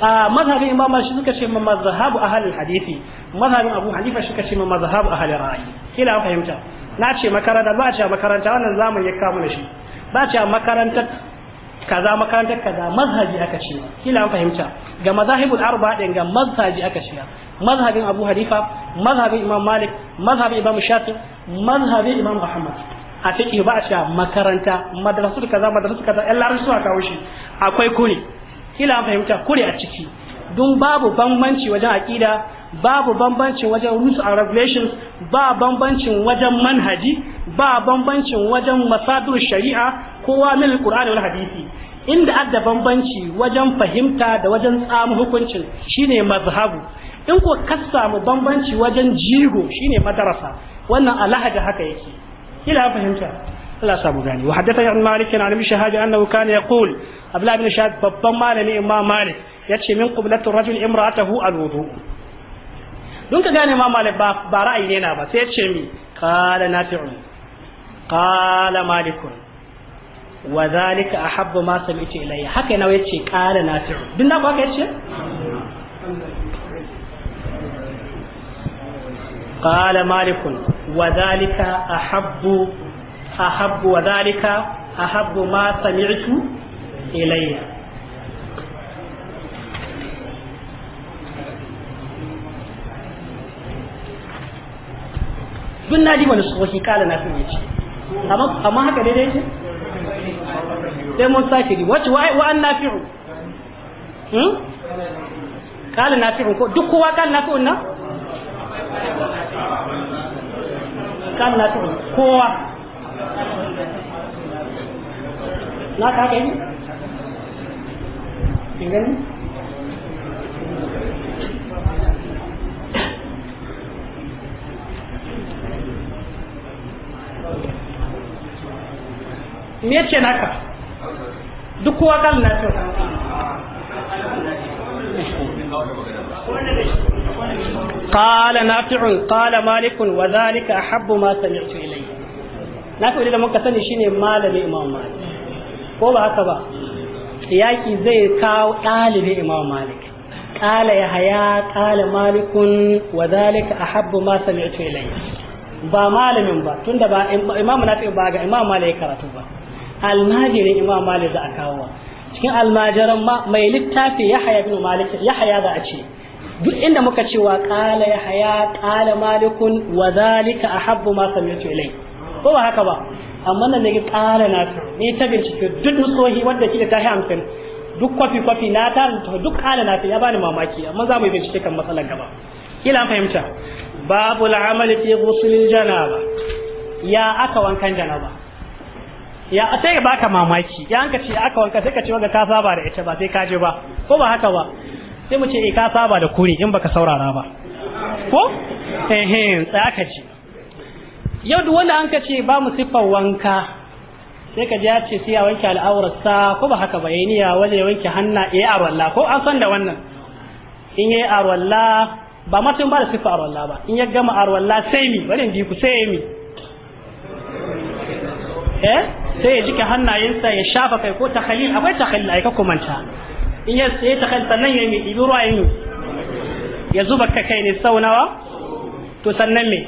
a mazhabin imam shi suka ce ma mazhabu ahalin hadisi mazhabin abu hanifa shi suka ce ma mazhabu ahalin ra'ayi kila an fahimta na ce makaranta ba ce makaranta wannan zamu ya kamu da shi ba ce makaranta kaza makaranta kaza mazhabi aka ce kila an fahimta ga mazahibul arba'in ga mazhabi aka ce mazhabin abu hanifa mazhabin imam malik mazhabi imam shafi mazhabi imam ahmad a fiqh ba a cewa makaranta madrasu kaza madrasu kaza yan larabci suna kawo shi akwai kuri kila an fahimta kuri a ciki don babu bambanci wajen aqida babu bambancin wajen rules and regulations ba bambancin wajen manhaji ba bambancin wajen masadur shari'a kowa min alqur'ani wal hadisi inda adda bambanci wajen fahimta da wajen tsamu hukuncin shine mazhabu in ko ka samu bambanci wajen jigo shine madarasa wannan alahada haka yake ila fahimta Allah samu gani wa haddatha an malik an abi shahab annahu kana yaqul abla ibn shahab babban malami imam malik yace min qiblatu rajul imra'atahu alwudu don ka gane imam malik ba ra'ayi ne na ba sai yace mi qala nafi'un qala malikun wa zalika ahabbu ma sami'tu ilayya haka yana yace qala nafi'u din da ku haka yace qala malikun wa zalika ahabbu ahabbu wa zalika ahabbu ma sami'tu ilayya bin na ji wani tsohi kala na fi ce amma haka daidai ce sai mun sake di wacce wa an nafi'u hmm kala nafi'u ko duk kowa kala nafi'u na kala nafi'u kowa na ka kai kin gani Thank you. me naka duk kowa kan na to قال نافع قال مالك وذلك أحب ما سمعت إليه نافع da muka sani shine malami Imam Malik ko ba haka ba yaki zai kawo ɗalibin Imam Malik قال wa قال مالك وذلك احب ما سمعت اليه ba malamin ba tunda ba imamu na ba ga imamu malik karatu ba almajirin imam malik za a kawo cikin almajiran mai littafi haya bin malik haya za a ce duk inda muka cewa qala haya qala malikun wa zalika ahabbu ma sami'tu ilai ko ba haka ba amma nan da qala na ta ni ta bincike duk nusohi wanda kike ta hamsin duk kwafi kwafi na ta duk qala na ta ya bani mamaki amma za mu bincike kan matsalar gaba kila fahimta babu al'amali fi ghusl janaba ya aka wankan janaba ya sai ba baka mamaki ya ka ce aka wanka sai ka ce wanga ka saba da ita ba sai ka je ba ko ba haka ba sai mu ce eh ka saba da kuri in baka saurara ba ko eh eh sai aka ce yau duk wanda ka ce ba mu siffar wanka sai ka ji ya ce sai ya wanke sa ko ba haka ba yayi niya wanda ya wanke hanna eh arwalla ko an san da wannan in yayi arwalla ba ma ba da siffar arwalla ba in ya gama arwalla sai mi bari in bi ku sai mi eh sai ya jike hannayensa ya shafa kai ko takhalil akwai takhalil ai ka kumanta in ya sai takhalil sannan ya mi ibi ruwa yin ya zuba ka kai ne sau nawa to sannan me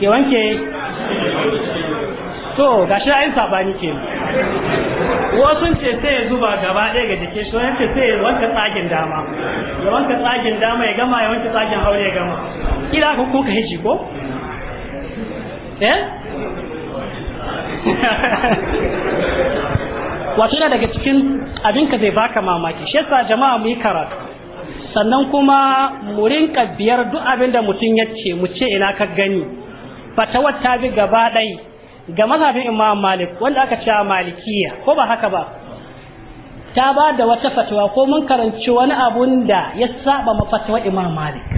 ke wanke to gashi ayin sabani ke wasu ce sai ya zuba gaba ɗaya ga jike shi wani ce sai ya wanka tsakin dama ya wanka tsakin dama ya gama ya wanka tsakin haure ya gama kila ko ka hiji ko Eh? wato yana daga cikin abinka zai baka mamaki shi yasa jama'a mu yi karatu sannan kuma mu rinka biyar duk abin da mutum ya ce mu ce ina ka gani fatawar ta bi gaba ɗai ga mazhabin imam malik wanda aka ce malikiya ko ba haka ba ta ba da wata fatawa ko mun karanci wani abun da ya saba mafatawar imam malik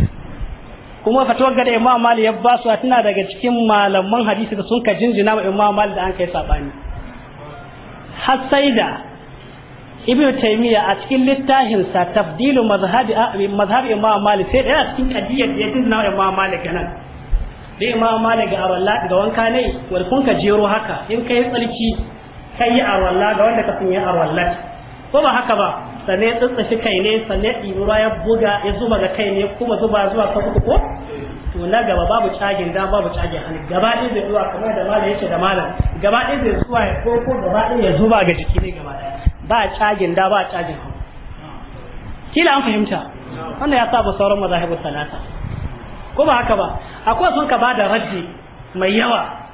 kuma fatuwar gada imam mali ya ba su tana daga cikin malaman hadisi da sun ka jinjina ma imam mali da an kai sabani har sai da ibnu taymiya a cikin littafin sa tafdilu mazhabi mazhabi imam mali sai da a cikin hadiyar da ya jinjina ma imam mali ganan? da imam mali ga arwalla ga wanka ne wal kun ka jero haka in kai tsalki kai yi arwalla ga wanda ka sun yi arwalla ko ba haka ba sannan ya shi kai ne sannan ya ya buga ya zuba ga kai ne kuma zuba zuwa ta uku ko to na gaba babu cagin da babu cagin hannu gaba ɗin zai zuwa kamar da malam yake da malam gaba ɗin zai zuwa ya koko gaba ɗin ya zuba ga jiki ne gaba ɗaya ba cagin da ba cagin hannu kila an fahimta wanda ya saba sauran mazahibu salata ko ba haka ba akwai sun ka ba da raddi mai yawa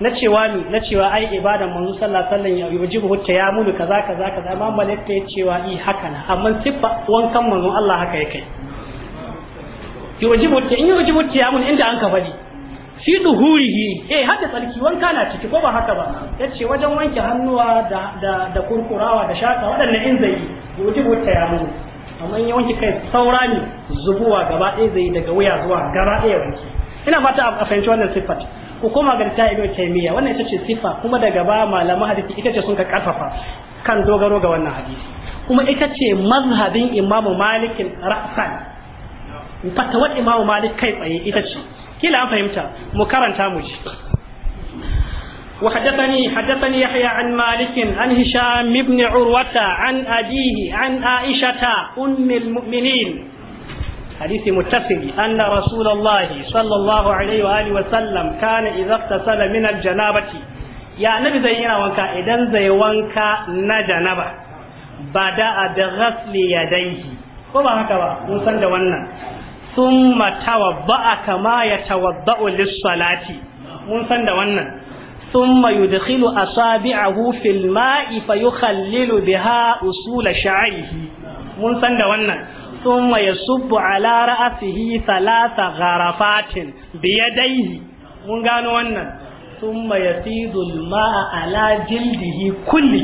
na cewa ni na cewa ai ibadan manzo sallallahu alaihi wasallam ya wajibu hutta ya mulu kaza kaza kaza amma malaka ya cewa i haka na amma siffa wankan manzo Allah haka yake wajibu hutta in wajibu hutta ya mulu inda an ka faɗi fi duhurihi eh hadda tsarki wanka na ciki ko ba haka ba yace wajen wanke hannuwa da da da kurkurawa da shaka wadannan in zai wajibu hutta ya mulu amma in ya wanke kai saura ne zubuwa gaba ɗaya zai daga wuya zuwa gaba ɗaya wanke ina fata a fahimci wannan siffar ku koma ga ta ibn taymiya wannan ita ce sifa kuma daga ba malaman hadisi ita ce sun ka karfafa kan dogaro ga wannan hadisi kuma ita ce mazhabin imamu malik ra'san fatawar imamu malik kai tsaye ita ce kila an fahimta mu karanta mu ji وحدثني حدثني يحيى عن مالك عن هشام بن عروة عن أبيه عن عائشة أم المؤمنين حديث متفق أن رسول الله صلى الله عليه وآله وسلم كان إذا اغتسل من الجنابة يا نبي زينا وانكا إذن زي وانكا نجنبة بدأ بغسل يديه وما هكذا نسند وانا ثم توضأ كما يتوضأ للصلاة نسند وانا ثم يدخل أصابعه في الماء فيخلل بها أصول شعره نسند وانا thumma yasubbu ala ra'sihi thalatha gharafatin bi yadayhi mun gano wannan thumma yasidu al-ma'a ala jildihi kulli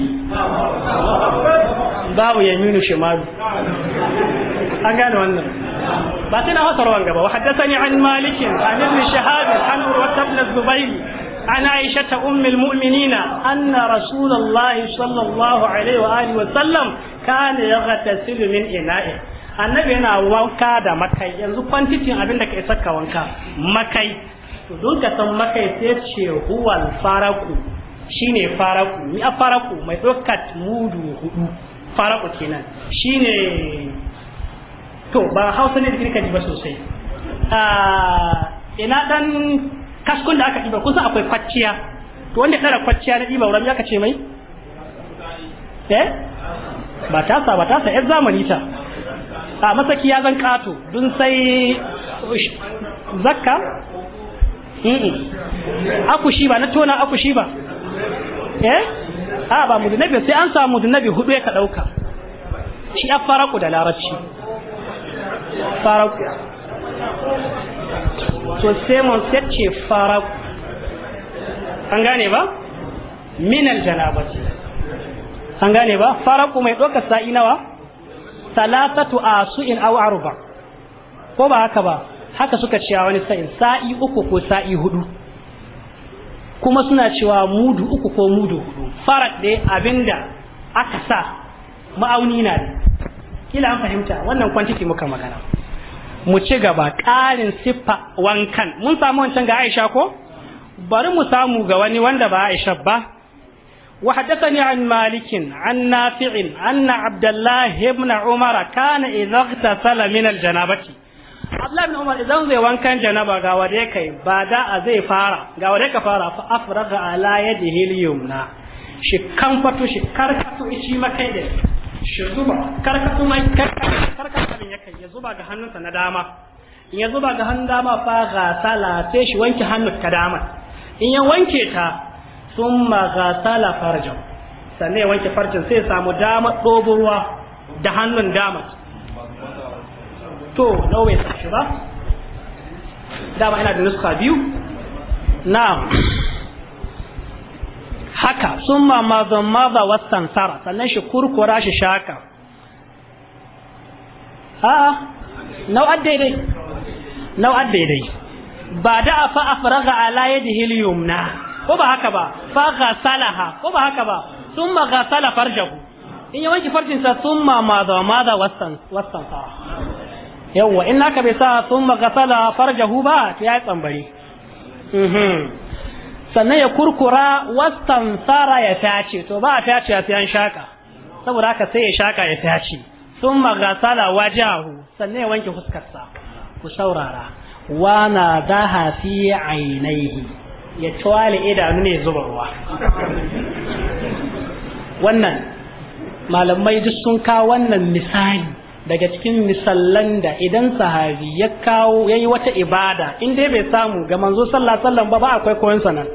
babu yaminu shimalu gano wannan ba sai na hasarwan gaba wa haddathani an malikin an an عن عائشة أم المؤمنين أن رسول الله صلى الله عليه وآله وسلم كان يغتسل من إنائه annabi yana wanka da makai yanzu kwantitin abin da ka isa ka wanka makai to don ka san makai sai ce huwal faraku shine faraku ni a faraku mai dokat mudu hudu faraku kenan shine to ba hausa ne da ji ba sosai ah, ina dan kaskun da aka ɗiba kusa akwai kwacciya to wanda ya ɗara kwacciya na ɗiba wurin ya ce mai eh ba sa ba ta sa yar zamani ta a masaki ya zan kato dun sai zakka akushi ba na tona akushi ba eh a ba mudunabi sai an samu mudunabi hudu ya ka dauka shi ya faraku da larabci faraku to sai mun sace faraku an gane ba minal janabati an gane ba faraku mai dokar sa'i nawa salasatu asu'in aw arba ko ba haka ba haka suka cewa wani sa'in sa'i uku ko sa'i hudu kuma suna cewa mudu uku ko mudu hudu farat dai abinda aka sa ma'auni na kila an fahimta wannan kwantiki muka magana mu ci gaba ƙarin siffa wankan mun samu wancan ga Aisha ko bari mu samu ga wani wanda ba Aisha ba وحدثني عن مالك عن نافع أن عبد الله بن عمر كان إذا اغتسل من الجنابة عبد الله بن عمر إذا زي وان كان جنابة غاوريك بعد زي فارا غاوريك فارا فأفرغ على يده اليمنى shi kamfato shi karkato shi makai da shi zuba karkato mai karkato abin ya kai ya zuba ga hannunsa na dama in ya zuba ga hannun dama fa ga sai shi wanke ta in ya wanke ta Sun summa ghasala farjan sannan ya wanke farcin sai samu dama dobo ruwa da hannun dama to nawa ya shi ba dama ina da nuska biyu na'am haka sun ma mazan maza wasan wasansara sannan shi kurkura shi shaka a'a nau'ad daidai nau'ad daidai ba da a fa'a faraga ala yadihi al na. ko ba haka ba fa ghasalaha ko ba haka ba thumma ghasala farjahu in ya wanke farjin sa thumma madha madha wastan wastan sa yawa in haka bai sa thumma ghasala farjahu ba to ya tsambari. mhm sannan ya kurkura wastan sara ya tace to ba a tace sai an shaka saboda haka sai ya shaka ya tace thumma ghasala wajahu sannan ya wanke fuskar sa ku saurara wana daha fi ainihi ya tuwale idanu ne zuba ruwa wannan malamai duk sun kawo wannan misali daga cikin misallan da idan sahabi ya kawo ya yi wata ibada in dai bai samu ga manzo sallah, sallan ba ba akwai koyon sanan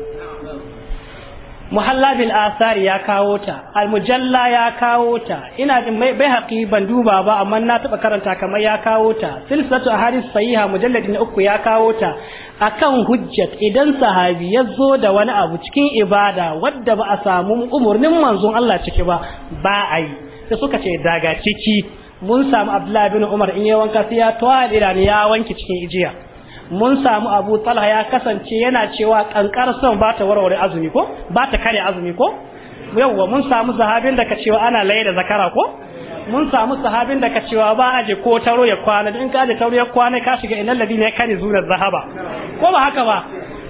muhalla asari ya kawo ta almujalla ya kawo ta ina jin mai bai haƙi ban duba ba amma na taɓa karanta kamar ya kawo ta silsilatu ahadis sahiha mujalladi na uku ya kawo ta akan hujjat idan sahabi ya zo da wani abu cikin ibada wadda ba a samu umurnin manzon Allah ciki ba ba a yi sai suka ce daga ciki mun samu Abdullahi bin Umar in ya wanka sai ya tawali ya wanke cikin ijiya mun samu abu talha ya kasance yana cewa kankar son ba ta warware azumi ko ba ta kare azumi ko yawwa mun samu sahabin da ka cewa ana laye da zakara ko mun samu sahabin da ka cewa ba aje ko taro ya kwana in ka aje taro ya kwana ka shiga inal ladina kani zuna zahaba ko ba haka ba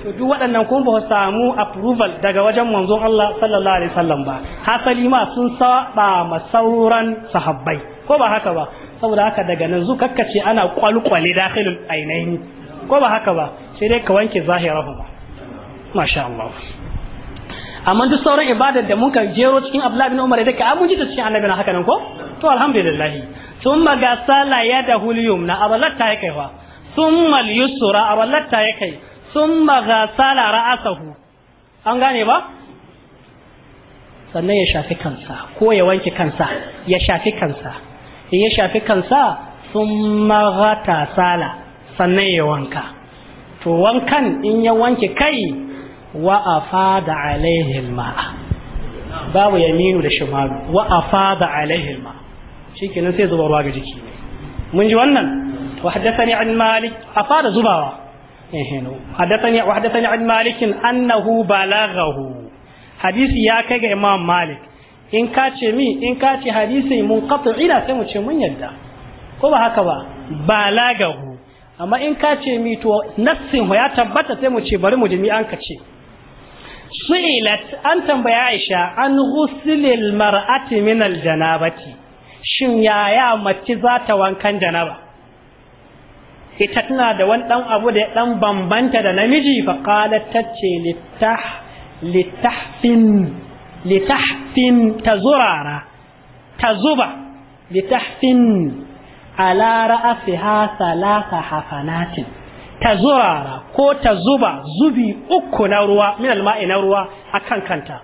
to duk waɗannan kun ba samu approval daga wajen manzon Allah sallallahu alaihi wasallam ba hasali ma sun saba masauran sahabbai ko ba haka ba saboda haka daga nan zu kakkace ana kwalkwale dakhilul ainaini ko ba haka ba sai dai ka wanke zahirahu masha Allah amma duk sauran ibadar da muka jero cikin Abdullahi bin Umar da ka ah, mun ji ta cikin annabi haka nan ko to alhamdulillah thumma gasala yadahu al-yumna aballata yake fa thumma al-yusra aballata yake thumma gasala ra'asahu an gane ba sannan ya shafi kansa ko ya wanke kansa ya shafi kansa in ya shafi kansa thumma ghata sala sannan ya wanka to wankan in ya wanke kai wa a fada alaihi ma'a babu yaminu da shimalu wa a fada alaihi ma'a shi shikenan sai zuba ruwa ga jiki ne mun ji wannan wa haddathani an malik afada zubawa حدثني وحدثني عن مالك أنه بلغه حديث يا كجا إمام مالك in ka ce mi in ka ce hadisi mun kafa ila sai mu ce mun yadda ko ba haka ba balagahu amma in ka ce mi to nassin ya tabbata sai mu ce bari mu dimi an ka ce su'ilat an tambaya Aisha an ghusilil mar'ati min aljanabati shin yaya mace za ta wankan janaba ita tana da wani dan abu da ya dan bambanta da namiji fa qalat tace litah litahfin litahfin tazurara tazuba litahfin ala ha salasa hafanatin ta zurara ko ta zuba zubi uku na ruwa min alma'i na ruwa akan kanta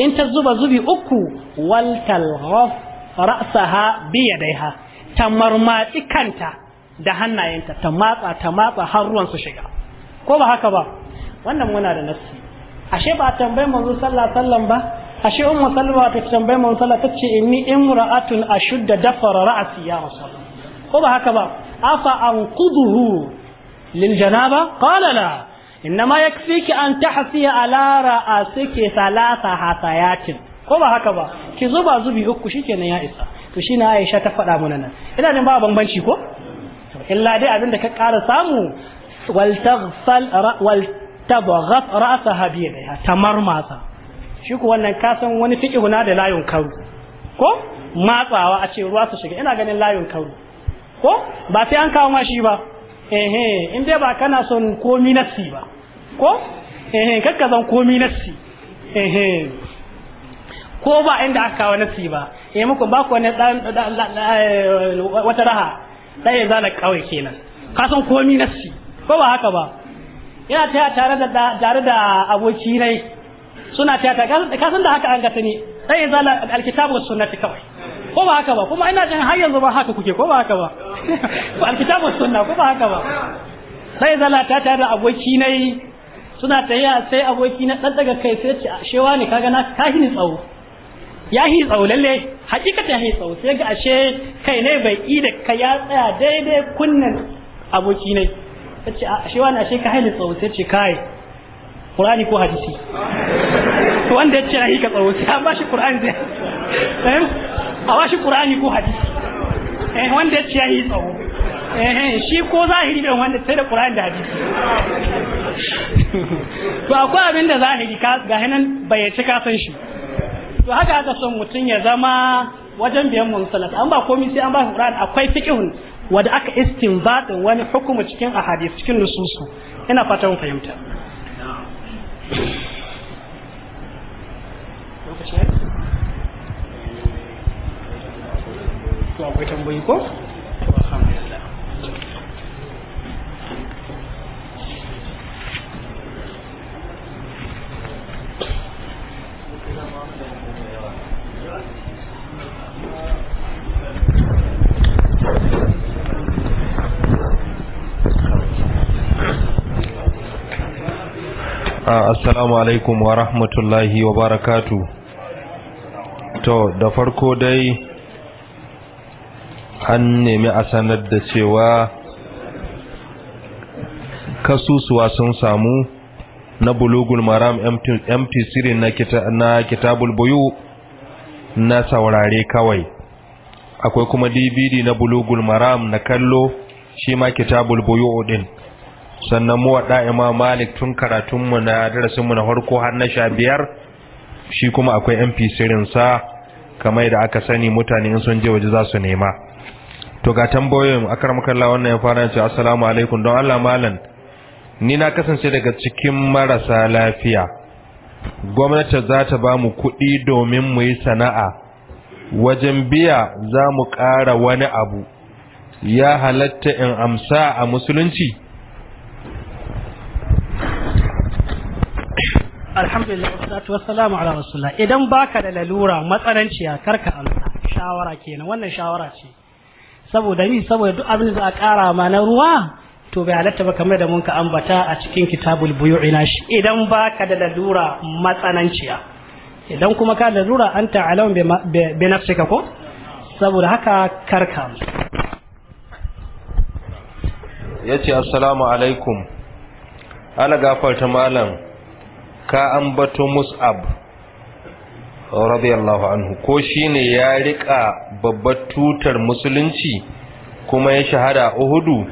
in ta zuba zubi uku wal talghaf ra'saha bi yadaiha ta marmatsi kanta da hannayenta ta matsa ta matsa har ruwan su shiga ko ba haka ba wannan muna da nassi ashe ba tambayi manzo sallallahu alaihi wasallam ba ashe ummu salma ta tambayi manzo sallallahu ta ce inni imra'atun ashudda dafara ra'si ya rasulullah ko ba haka ba afa anquduhu lil janaba qala la innama yakfiki an tahsiya ala ra'asiki salasa hasayatin ko ba haka ba ki zuba zubi uku shikenan ya isa to shine Aisha ta faɗa mana nan ina jin ba bambanci ko illa dai abinda ka ƙara samu wal taghfal wal tabghaf ra'saha bi yadiha tamar masa. shi ku wannan kasan wani fiqhu na da layun karu ko matsawa a ce ruwa su shiga ina ganin layun karu ko ba sai an kawo mashi ba ehe in dai ba kana son komi nassi ba ko ehe kakka zan komi nassi ehe ko ba inda aka kawo nassi ba eh muku ba ku ne dan eh, wata raha dai ya zala kawai kenan ka san komi nassi ko ba haka ba ina taya tare da tare da aboki rai suna taya ka san da haka an gata ne dai ya zala alkitabu sunnati kawai ko ba haka ba kuma ina ganin har yanzu ba haka kuke ko ba haka ba [laughs] ba alkitabu sunna ko ba haka ba sai zala ta ta da aboki nayi suna tafiya sai aboki na dan daga kai sai ce shewa ne kaga na kahi ni tsawo ya hi tsawo lalle hakikatan hi tsawo sai ga ashe kai ne bai yi da ka ya tsaya daidai kunnan aboki nayi sai ce ashe wani ashe ka ni tsawo sai ce kai Qur'ani ko hadisi to [laughs] wanda ya ce ka tsawo sai an bashi Qur'ani sai [laughs] eh? a washi qur'ani ko hadisi eh wanda ya ci yi tsawo eh shi ko zahiri bai wanda sai da qur'ani da hadisi [laughs] to akwai abin da zahiri ka ga hinan bayyace ka san shi to haka aka son mutum ya zama wajen biyan munsalat an ba komai sai an ba qur'ani akwai fiqhun wanda aka istinbatin wani hukumu cikin ahadith cikin nususu ina fatan fahimta lokaci to ko alhamdulillah ah, assalamu alaikum wa rahmatullahi wa barakatu to da farko dai an nemi a sanar da cewa kasusuwa sun samu na bulugul maram mt sirin na kitabul buyu na saurare kawai akwai kuma dvd na bulugul maram na kallo shi ma kitabul buyu din sannan mu da'ima malik tun karatunmu na darasinmu na harko har na sha biyar shi kuma akwai mp sirinsa kamar da aka sani mutane in sun je waje za su nema to ga tambayoyin la wannan ya fara ce assalamu alaikum don Allah malam ni na kasance daga cikin marasa lafiya gwamnati za ta ba mu kuɗi domin mu yi sana'a wajen biya za mu ƙara wani abu ya halatta in amsa a musulunci alhamdulillah wassalatu wassalamu ala rasulullah idan baka da lalura matsananciya karka amsa shawara kenan wannan shawara ce saboda ni saboda duk abin da za a ƙara ma na ruwa to bai halatta ba kamar da mun ka ambata a cikin kitabul buyu'i shi. idan ba ka da lalura matsananciya idan kuma ka da lalura anta alam bi nafsika ko saboda haka karka yace assalamu alaikum ana gafarta malam ka ambato mus'ab radiyallahu anhu ko shine ya rika babbar tutar musulunci kuma ya shahada uhudu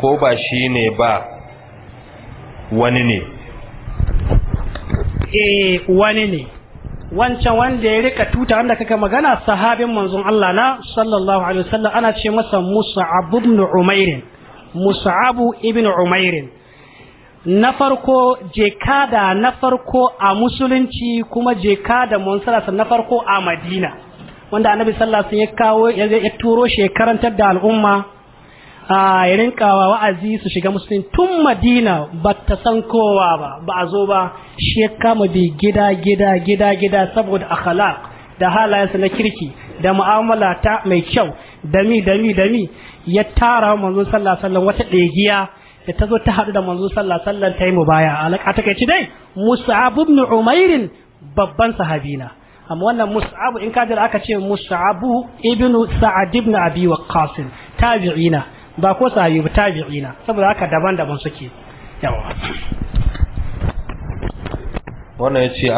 ko ba shine ba wani ne eh wani ne wancan wanda ya rika tuta wanda kaka magana sahabin manzon Allah na sallallahu alaihi wasallam ana ce masa Musa ibn Umair Musa ibn Umair na farko jekada na farko a musulunci kuma da monsalasa na farko a madina wanda annabi sallallahu ya kawo ya turo shekarantar da al'umma a yarin kawa wa'azi su shiga musulun tun madina ba ta san kowa ba ba a zo ba shi kama bi gida gida gida gida saboda akhlaq da halayensa na kirki da mu'amala ta mai kyau dami-dami-dami ya tara manzon sallallahu alaihi wasallam wata ɗegiya da ta zo ta haɗu da manzo sallah sallan ta yi mu baya alaƙa ta kai dai mus'ab ibn umair babban sahabina amma wannan mus'ab in ka jira aka ce musabu ibn sa'ad ibn abi waqqas tabi'ina ba ko sahabi ba tabi'ina saboda haka daban-daban suke yawa wannan yace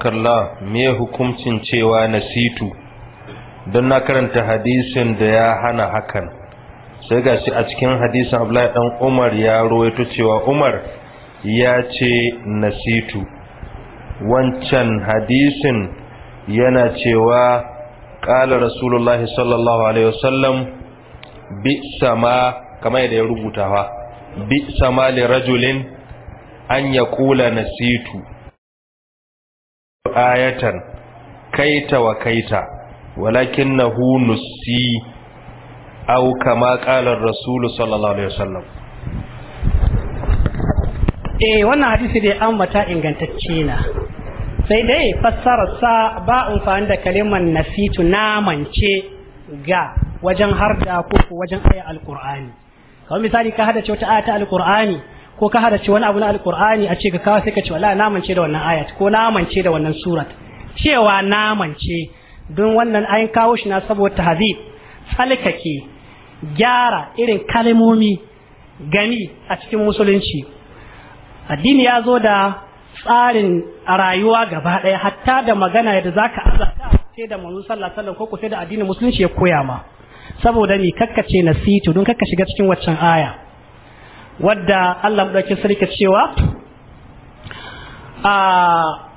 kalla me hukuncin cewa nasitu don na karanta hadisin da ya hana hakan sai ga shi a cikin hadisin abulai dan umar ya rawaito cewa umar ya ce nasitu wancan hadisin yana cewa ƙala rasulullahi sallallahu alaihi wasallam bi sama kamar yadda ya rubuta fa bi sama li rajulin an ya kula nasitu ayatan kaita wa kaita walakinahu hunusi. aw kama qala sallallahu alaihi wasallam eh wannan hadisi dai an mata ingantacce na sai dai fassarar sa ba amfani da kalimar nasitu namance ga wajen harda ko wajen aya alqur'ani kamar misali ka hada ce wata aya ta alqur'ani ko ka hada ce wani abu na alqur'ani a ce ka kawo sai ka ce wallahi namance da wannan ayat ko namance da wannan surat cewa namance don wannan ayin kawo shi na saboda tahzib ke. gyara irin kalmomi gani a cikin musulunci addini ya zo da tsarin a rayuwa gaba ɗaya hatta da magana yadda za ka azata sai da manzon ko sai da addinin musulunci ya koya ma saboda ni kakkace nasitu don kakka shiga cikin waccan aya wadda Allah mudauki sarki cewa a ah,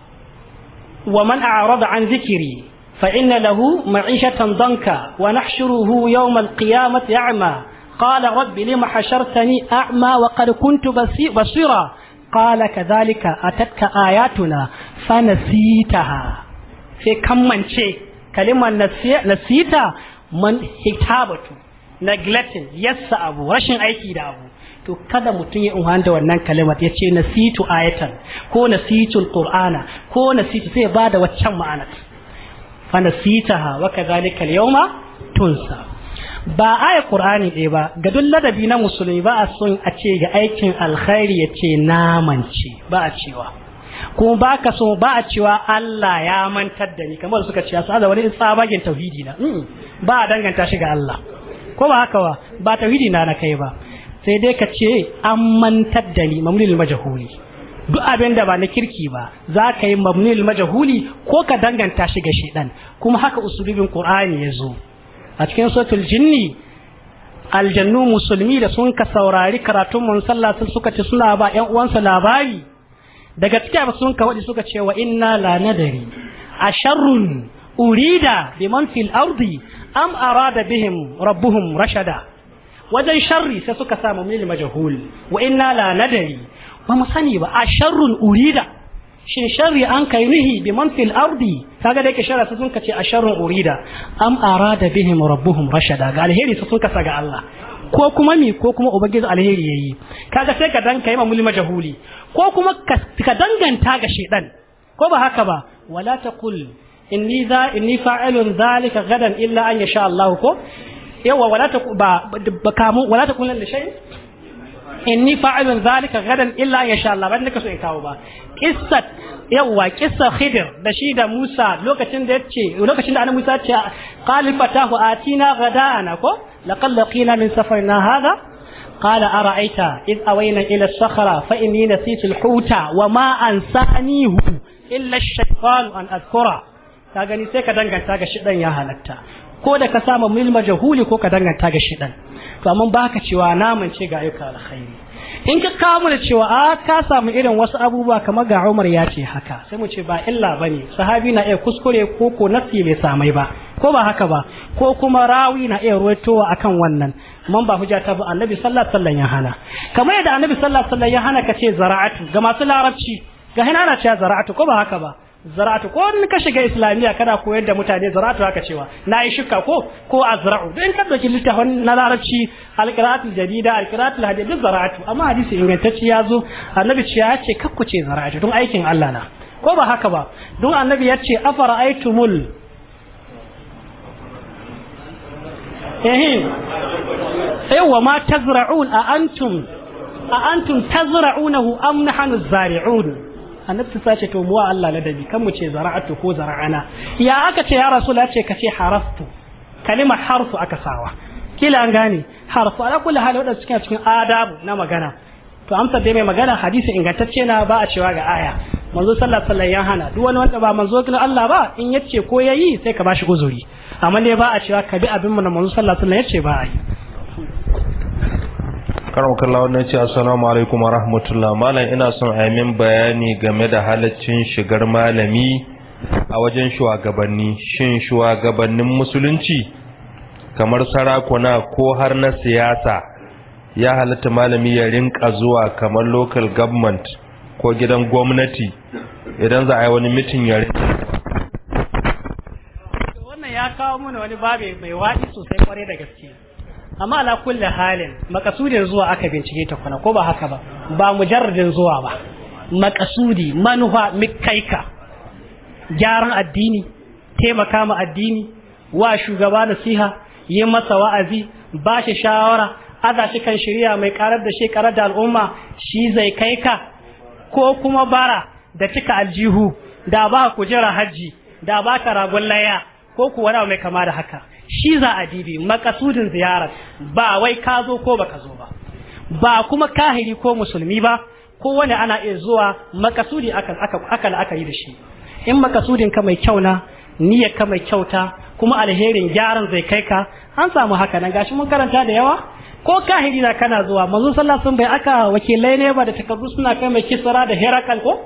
wa man an zikiri فإن له معيشة ضنكا ونحشره يوم القيامة أعمى قال رب لم حشرتني أعمى وقد كنت بصيرا قال كذلك أتتك آياتنا فنسيتها في كم من شيء كلمة نسيتها من هتابته neglecting yassa abu rashin aiki da abu to kada mutum ya unhan da wannan kalimar ya ce nasitu ayatan ko nasitul qur'ana ko nasitu sai ba da waccan ma'anar fanasitaha wa kadhalika al-yawma tunsa ba aya qur'ani ɗaya ba ga duk ladabi na musulmi ba a son a ce ga aikin alkhairi ya ce na mance ba a cewa Ko ba ka so ba a cewa Allah ya mantar da ni kamar suka ce sa wani tsabagen tauhidi na ba a danganta shi ga Allah ko ba haka ba ba tauhidi na na kai ba sai dai ka ce an mantar da ni mamlil majhuli duk abin da ba na kirki ba za ka yi mabnil majahuli ko ka danganta shi ga shaidan kuma haka usulubin qur'ani ya zo a cikin suratul jinni aljannu musulmi da sun ka saurari karatun mun sallah sun suka ce suna ba ƴan uwansa labari daga cikin ba sun ka wadi suka ce wa inna la nadari asharrun urida biman fil ardi am arada bihim rabbuhum rashada wajen sharri sai suka samu mil majhul wa inna la nadari ba mu sani ba a sharrun urida shin sharri an kai nihi bi man fil ardi kaga dai yake shara sun kace a sharrun urida am arada bihim rabbuhum rashada ga alheri su suka saga Allah ko kuma mi ko kuma ubangiji alheri yayi kaga sai ka dan kai ma mulma ko kuma ka danganta ga shedan ko ba haka ba wala taqul inni za inni fa'ilun zalika gadan illa an yasha Allah ko yawa wala ba kamu wala ta kullal shay'in inni fa'ilun zalika gadan illa ya sha Allah ban nika so in kawo ba kissat yawa kissa khidir da shi da Musa lokacin da yace lokacin da annabi Musa ce qalifatahu atina gadana ko laqad laqina min safarina hadha قال أرأيت إذ أوينا إلى الصخرة فإني نسيت الحوت وما أنسانيه إلا الشيطان أن أذكره Ta gani sai ka danganta ga shidan ya halatta ko da ka sama mil majhuli ko ka danganta ga shidan to amma ka cewa naman ce ga ayyuka alkhairi in ka kawo da cewa a ah, ka samu irin wasu abubuwa kamar ga Umar ya ce haka sai mu ce ba illa bane sahabi na iya kuskure ko ko nasi bai samai ba ko ba haka ba ko kuma rawi na iya ruwaitowa akan wannan man ba hujja ba annabi sallallahu alaihi wasallam ya hana yadda annabi sallallahu alaihi wasallam ya hana kace zara'atu ga masu larabci ga hina na cewa zara'atu ko ba haka ba zara'atu ko in ka shiga islamiyya kana koyar da mutane zara'atu haka cewa na yi shuka ko ko azra'u don in ka dauki littafin na larabci alƙira'atul jadida alƙira'atul hadid zara'atu amma hadisi ingantacci ya zo annabi ce ya ce kakku ce zara'atu don aikin Allah na ko ba haka ba don annabi ya ce afara aitumul ehin yawa eh, ma tazra'un a antum a antum tazra'unahu am nahnu zari'un A sa ce to mu wa Allah ladabi kan mu ce zara'atu ko zara'ana ya aka ce ya rasu ce ka ce harastu kalimar harfu aka sawa kila an gane harfu ala kulli hal wadanda suke cikin adabu na magana to amsa dai mai magana hadisi ingantacce na ba a cewa ga aya manzo sallallahu alaihi ya hana duk wani wanda ba manzo kin Allah ba in yace ko ya yi sai ka ba bashi uzuri amma dai ba a cewa ka bi abin mu na manzo sallallahu alaihi yace ba yi. karin kalla wannan ce assalamu alaikum wa rahmatullah malam ina son a bayani game da halaccin shigar malami a wajen shugabanni shin shugabannin musulunci kamar sarakuna ko har na siyasa ya halatta malami ya rinka zuwa kamar local government ko gidan gwamnati idan za a yi wani mitin ya rinka wannan ya kawo mana wani babu mai waɗi sosai kwarai da gaske amma ala kulli halin makasudin zuwa aka bincike ta kuna ko ba haka ba ba mujarradin zuwa ba makasudi manufa mikaika gyaran addini taimaka ma addini wa shugaba nasiha yi masa wa'azi ba shi shawara aza shi kan shirya mai karar da shekarar da al'umma shi zai kai ka ko kuma bara da cika aljihu da ba kujera hajji da ba ka ragon laya ko kuwa mai kama da haka shi za a dibi makasudin ziyarar ba wai ka zo ko baka zo ba ba kuma kahiri ko musulmi ba ko wani ana iya zuwa makasudi akan akan aka yi da shi in makasudin ka mai kyau na niyyar ka mai kyauta kuma alherin gyaran zai kai ka an samu haka nan gashi mun karanta da yawa ko kahiri na kana zuwa manzo sallah sun bai aka wakilai ne ba da takardu suna kai mai kisra da herakal ko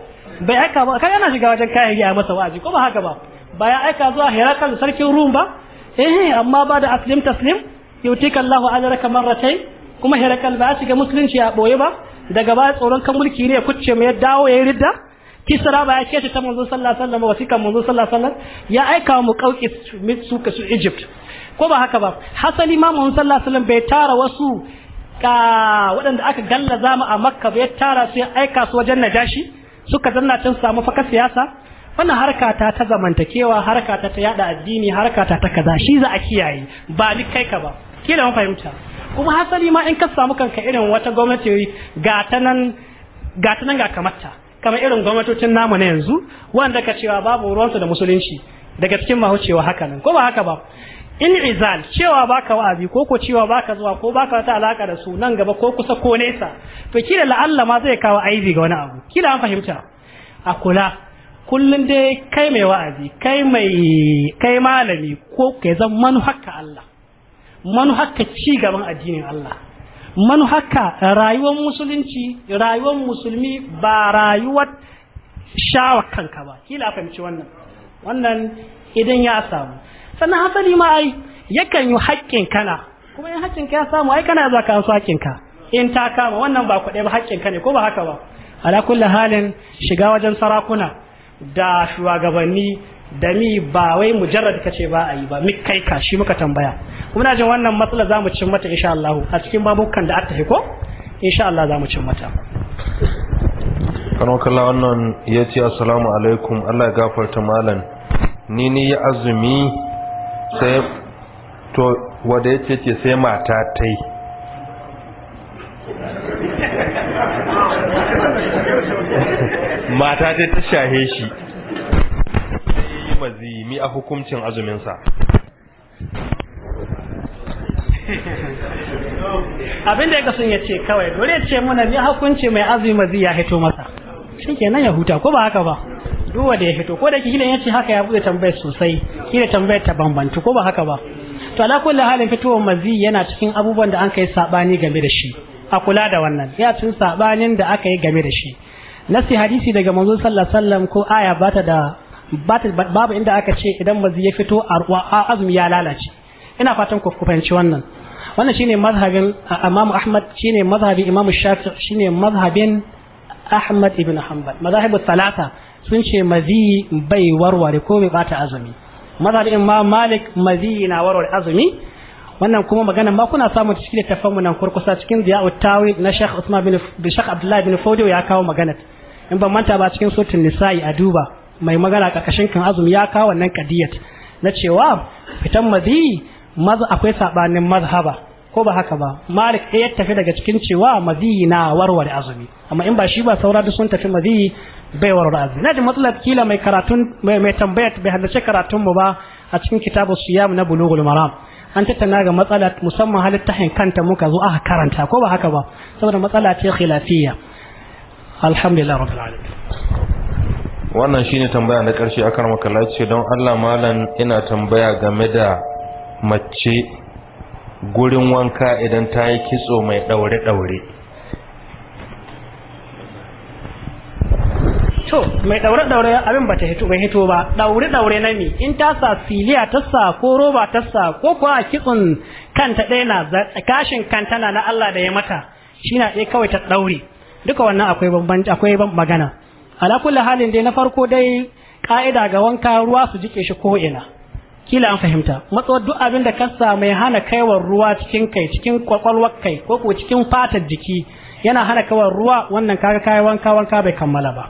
bai aka ba kai yana shiga wajen kahiri a masa wa'azi ko ba haka ba ba ya aika zuwa herakal sarkin rum ba eh amma ba da aslim taslim yutika Allah ajraka marratayn kuma hirakal ba shiga musulunci a boye ba daga ba tsoron kan mulki ne ya kucce mai dawo yayi ridda kisra ba ya kece ta manzo sallallahu alaihi wasallam wasikan manzo sallallahu alaihi wasallam ya aika mu kauki su ka su Egypt ko ba haka ba hasan ma manzo sallallahu alaihi wasallam bai tara wasu ka waɗanda aka gallaza mu a Makka bai tara su ya aika su wajen Najashi suka zanna tun samu fakar siyasa wannan harka ta ta zamantakewa harka ta ta yada addini harka ta ta kaza shi za a kiyaye ba ni kai ka ba kila da fahimta kuma hasali ma in ka samu kanka irin wata gwamnati ga ta nan ga ta nan ga kamata kamar irin gwamnatocin namu na yanzu wanda ka cewa babu ruwansu da musulunci daga cikin mahaucewa haka nan ko ba haka ba in izal cewa baka wa'azi ko ko cewa baka zuwa ko baka wata alaka da su nan gaba ko kusa ko nesa to kila la'alla ma zai kawo aibi ga wani abu kila an fahimta a kula kullum dai kai mai wa'azi kai mai kai malami ko kai zan haka Allah manhaka ci gaban addinin Allah haka rayuwar musulunci rayuwar musulmi ba rayuwar shawa kanka ba kila fahimci wannan wannan idan ya samu sannan hasali ma ai yakan yi haƙƙin kana kuma in haƙƙin ka ya samu ai kana zaka ka haƙƙin ka in ta kama wannan ba kuɗe ba haƙƙin ka ne ko ba haka ba ala kulli halin shiga wajen sarakuna da shugabanni da mi ba wai mujarrad kace ba a yi ba mi kai ka shi muka tambaya muna jin wannan matsala za mu cin mata insha Allah a cikin babukan da aka tafi ko insha Allah za mu cin mata kanon kalla wannan ya ce assalamu alaikum Allah ya gafarta malam ni ni ya azumi sai to wanda yake ce sai mata tai mata ta ta shahe shi yi mazimi a hukuncin azuminsa abin da ya ga ya ce kawai dole ya ce muna ya hukunci mai azumi mazi ya hito masa shi kenan ya huta ko ba haka ba duk wanda ya hito ko da kila ya ce haka ya bude tambayar sosai kila tambayar ta bambanta ko ba haka ba to ala kulli halin fitowar mazi yana cikin abubuwan da an kai sabani game da shi a kula da wannan ya cin sabanin da aka yi game da shi nasi hadisi daga manzo sallallahu alaihi wasallam ko aya bata da babu inda aka ce idan mazi ya fito a azumi ya lalace ina fatan ku fahimci wannan wannan shine mazhabin Imam Ahmad shine mazhabin Imam Shafi shine mazhabin Ahmad ibn Hanbal mazahibu talata sun ce mazi bai warware ko bai bata azumi mazhabin Imam Malik mazi na warware azumi wannan kuma magana ba kuna samun cikin littafin mu nan kurkusa cikin ziya'u utawi na Sheikh Usman bin bin Sheikh Abdullah bin fodo ya kawo magana in ban manta ba cikin suratul nisa'i a duba mai magana kakashin kan azumi ya kawo wannan kadiyat na cewa fitan madi maza akwai sabanin mazhaba ko ba haka ba Malik eh ya tafi daga cikin cewa madi na warware azumi amma in ba shi ba saura duk sun tafi madi bai warware azumi na ji matsalar kila mai karatun mai tambayar bai halarci karatun mu ba a cikin kitabu siyam na bulughul maram an tattana ga matsala musamman tahin kanta muka zo aka karanta ko ba haka ba saboda matsala ce khilafiyya alhamdulillah rabbil alamin wannan shine tambaya na karshe akan makalla ce don Allah malam ina tambaya game da mace gurin wanka idan ta yi kitso mai daure daure to mai daure daure abin ba ta hito ba hito ba daure daure na ne in ta sa siliya ta sa ko roba ta sa ko a kitson kanta ɗaya na kashin kanta na Allah da ya mata shi na ɗaya kawai ta daure duka wannan akwai babban akwai magana ala kullu halin dai na farko dai ka'ida ga wanka ruwa su jike shi ko ina kila an fahimta matsawar duk abin da sa mai hana kaiwar ruwa cikin kai cikin kwakwalwar kai ko ko cikin fatar jiki yana hana kawar ruwa wannan kaga kai wanka wanka bai kammala ba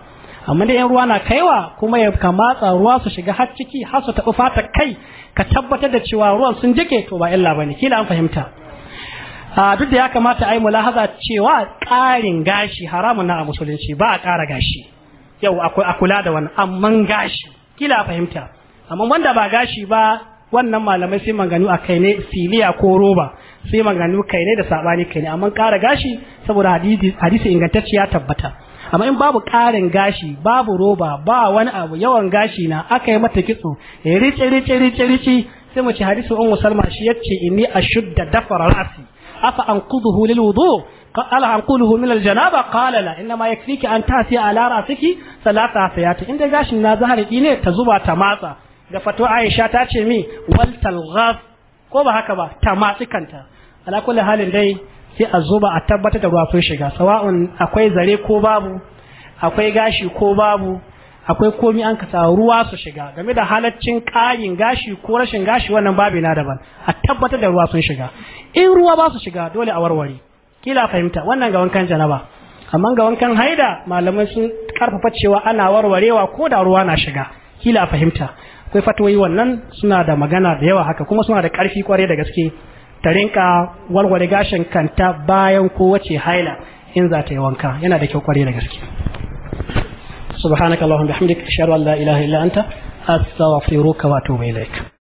amma dai ruwa na kaiwa kuma ya kamata ruwa su shiga har ciki har su taɓa fata kai ka tabbatar da cewa ruwan sun jike to ba illa bane kila an fahimta a duk da ya kamata ai mulahaza cewa ƙarin gashi haramun na musulunci ba a ƙara gashi yau akwai a da wani amma gashi kila fahimta amma wanda ba gashi ba wannan malamai sai maganu a kai ne filiya ko roba sai maganu kai ne da sabani kai ne amma ƙara gashi saboda hadisi ingantacciya tabbata amma in babu ƙarin gashi babu roba ba wani abu yawan gashi na aka yi mata kitso rici rici sai mu hadisi ummu salma shi yace inni ashudda dafara ra'si afa anquduhu lil wudu janaba qala la inna ma yakfiki an tasi ala ra'siki sayati inda gashin na zahari ne ta zuba ta matsa da aisha ta ce mi wal ba haka ba ta halin dai sai a zuba a tabbatar da ruwa sun shiga sawa'un akwai zare ko babu akwai gashi ko babu akwai komi an kasa ruwa su shiga game da halaccin ƙarin gashi ko rashin gashi wannan babu na daban a tabbatar da ruwa sun shiga in ruwa ba su shiga dole a warware kila fahimta wannan ga wankan janaba amma ga wankan haida malamai sun karfafa cewa ana warwarewa ko da ruwa na shiga kila fahimta akwai fatoyi wannan suna da magana da yawa haka kuma suna da ƙarfi kwarai da gaske ta rinka walwale gashin kanta bayan kowace haila in za ta yi wanka yana da kyau kwarai da gaske subhanakallahumma bihamdika ashhadu an la ilaha illa anta astaghfiruka wa atubu ilaik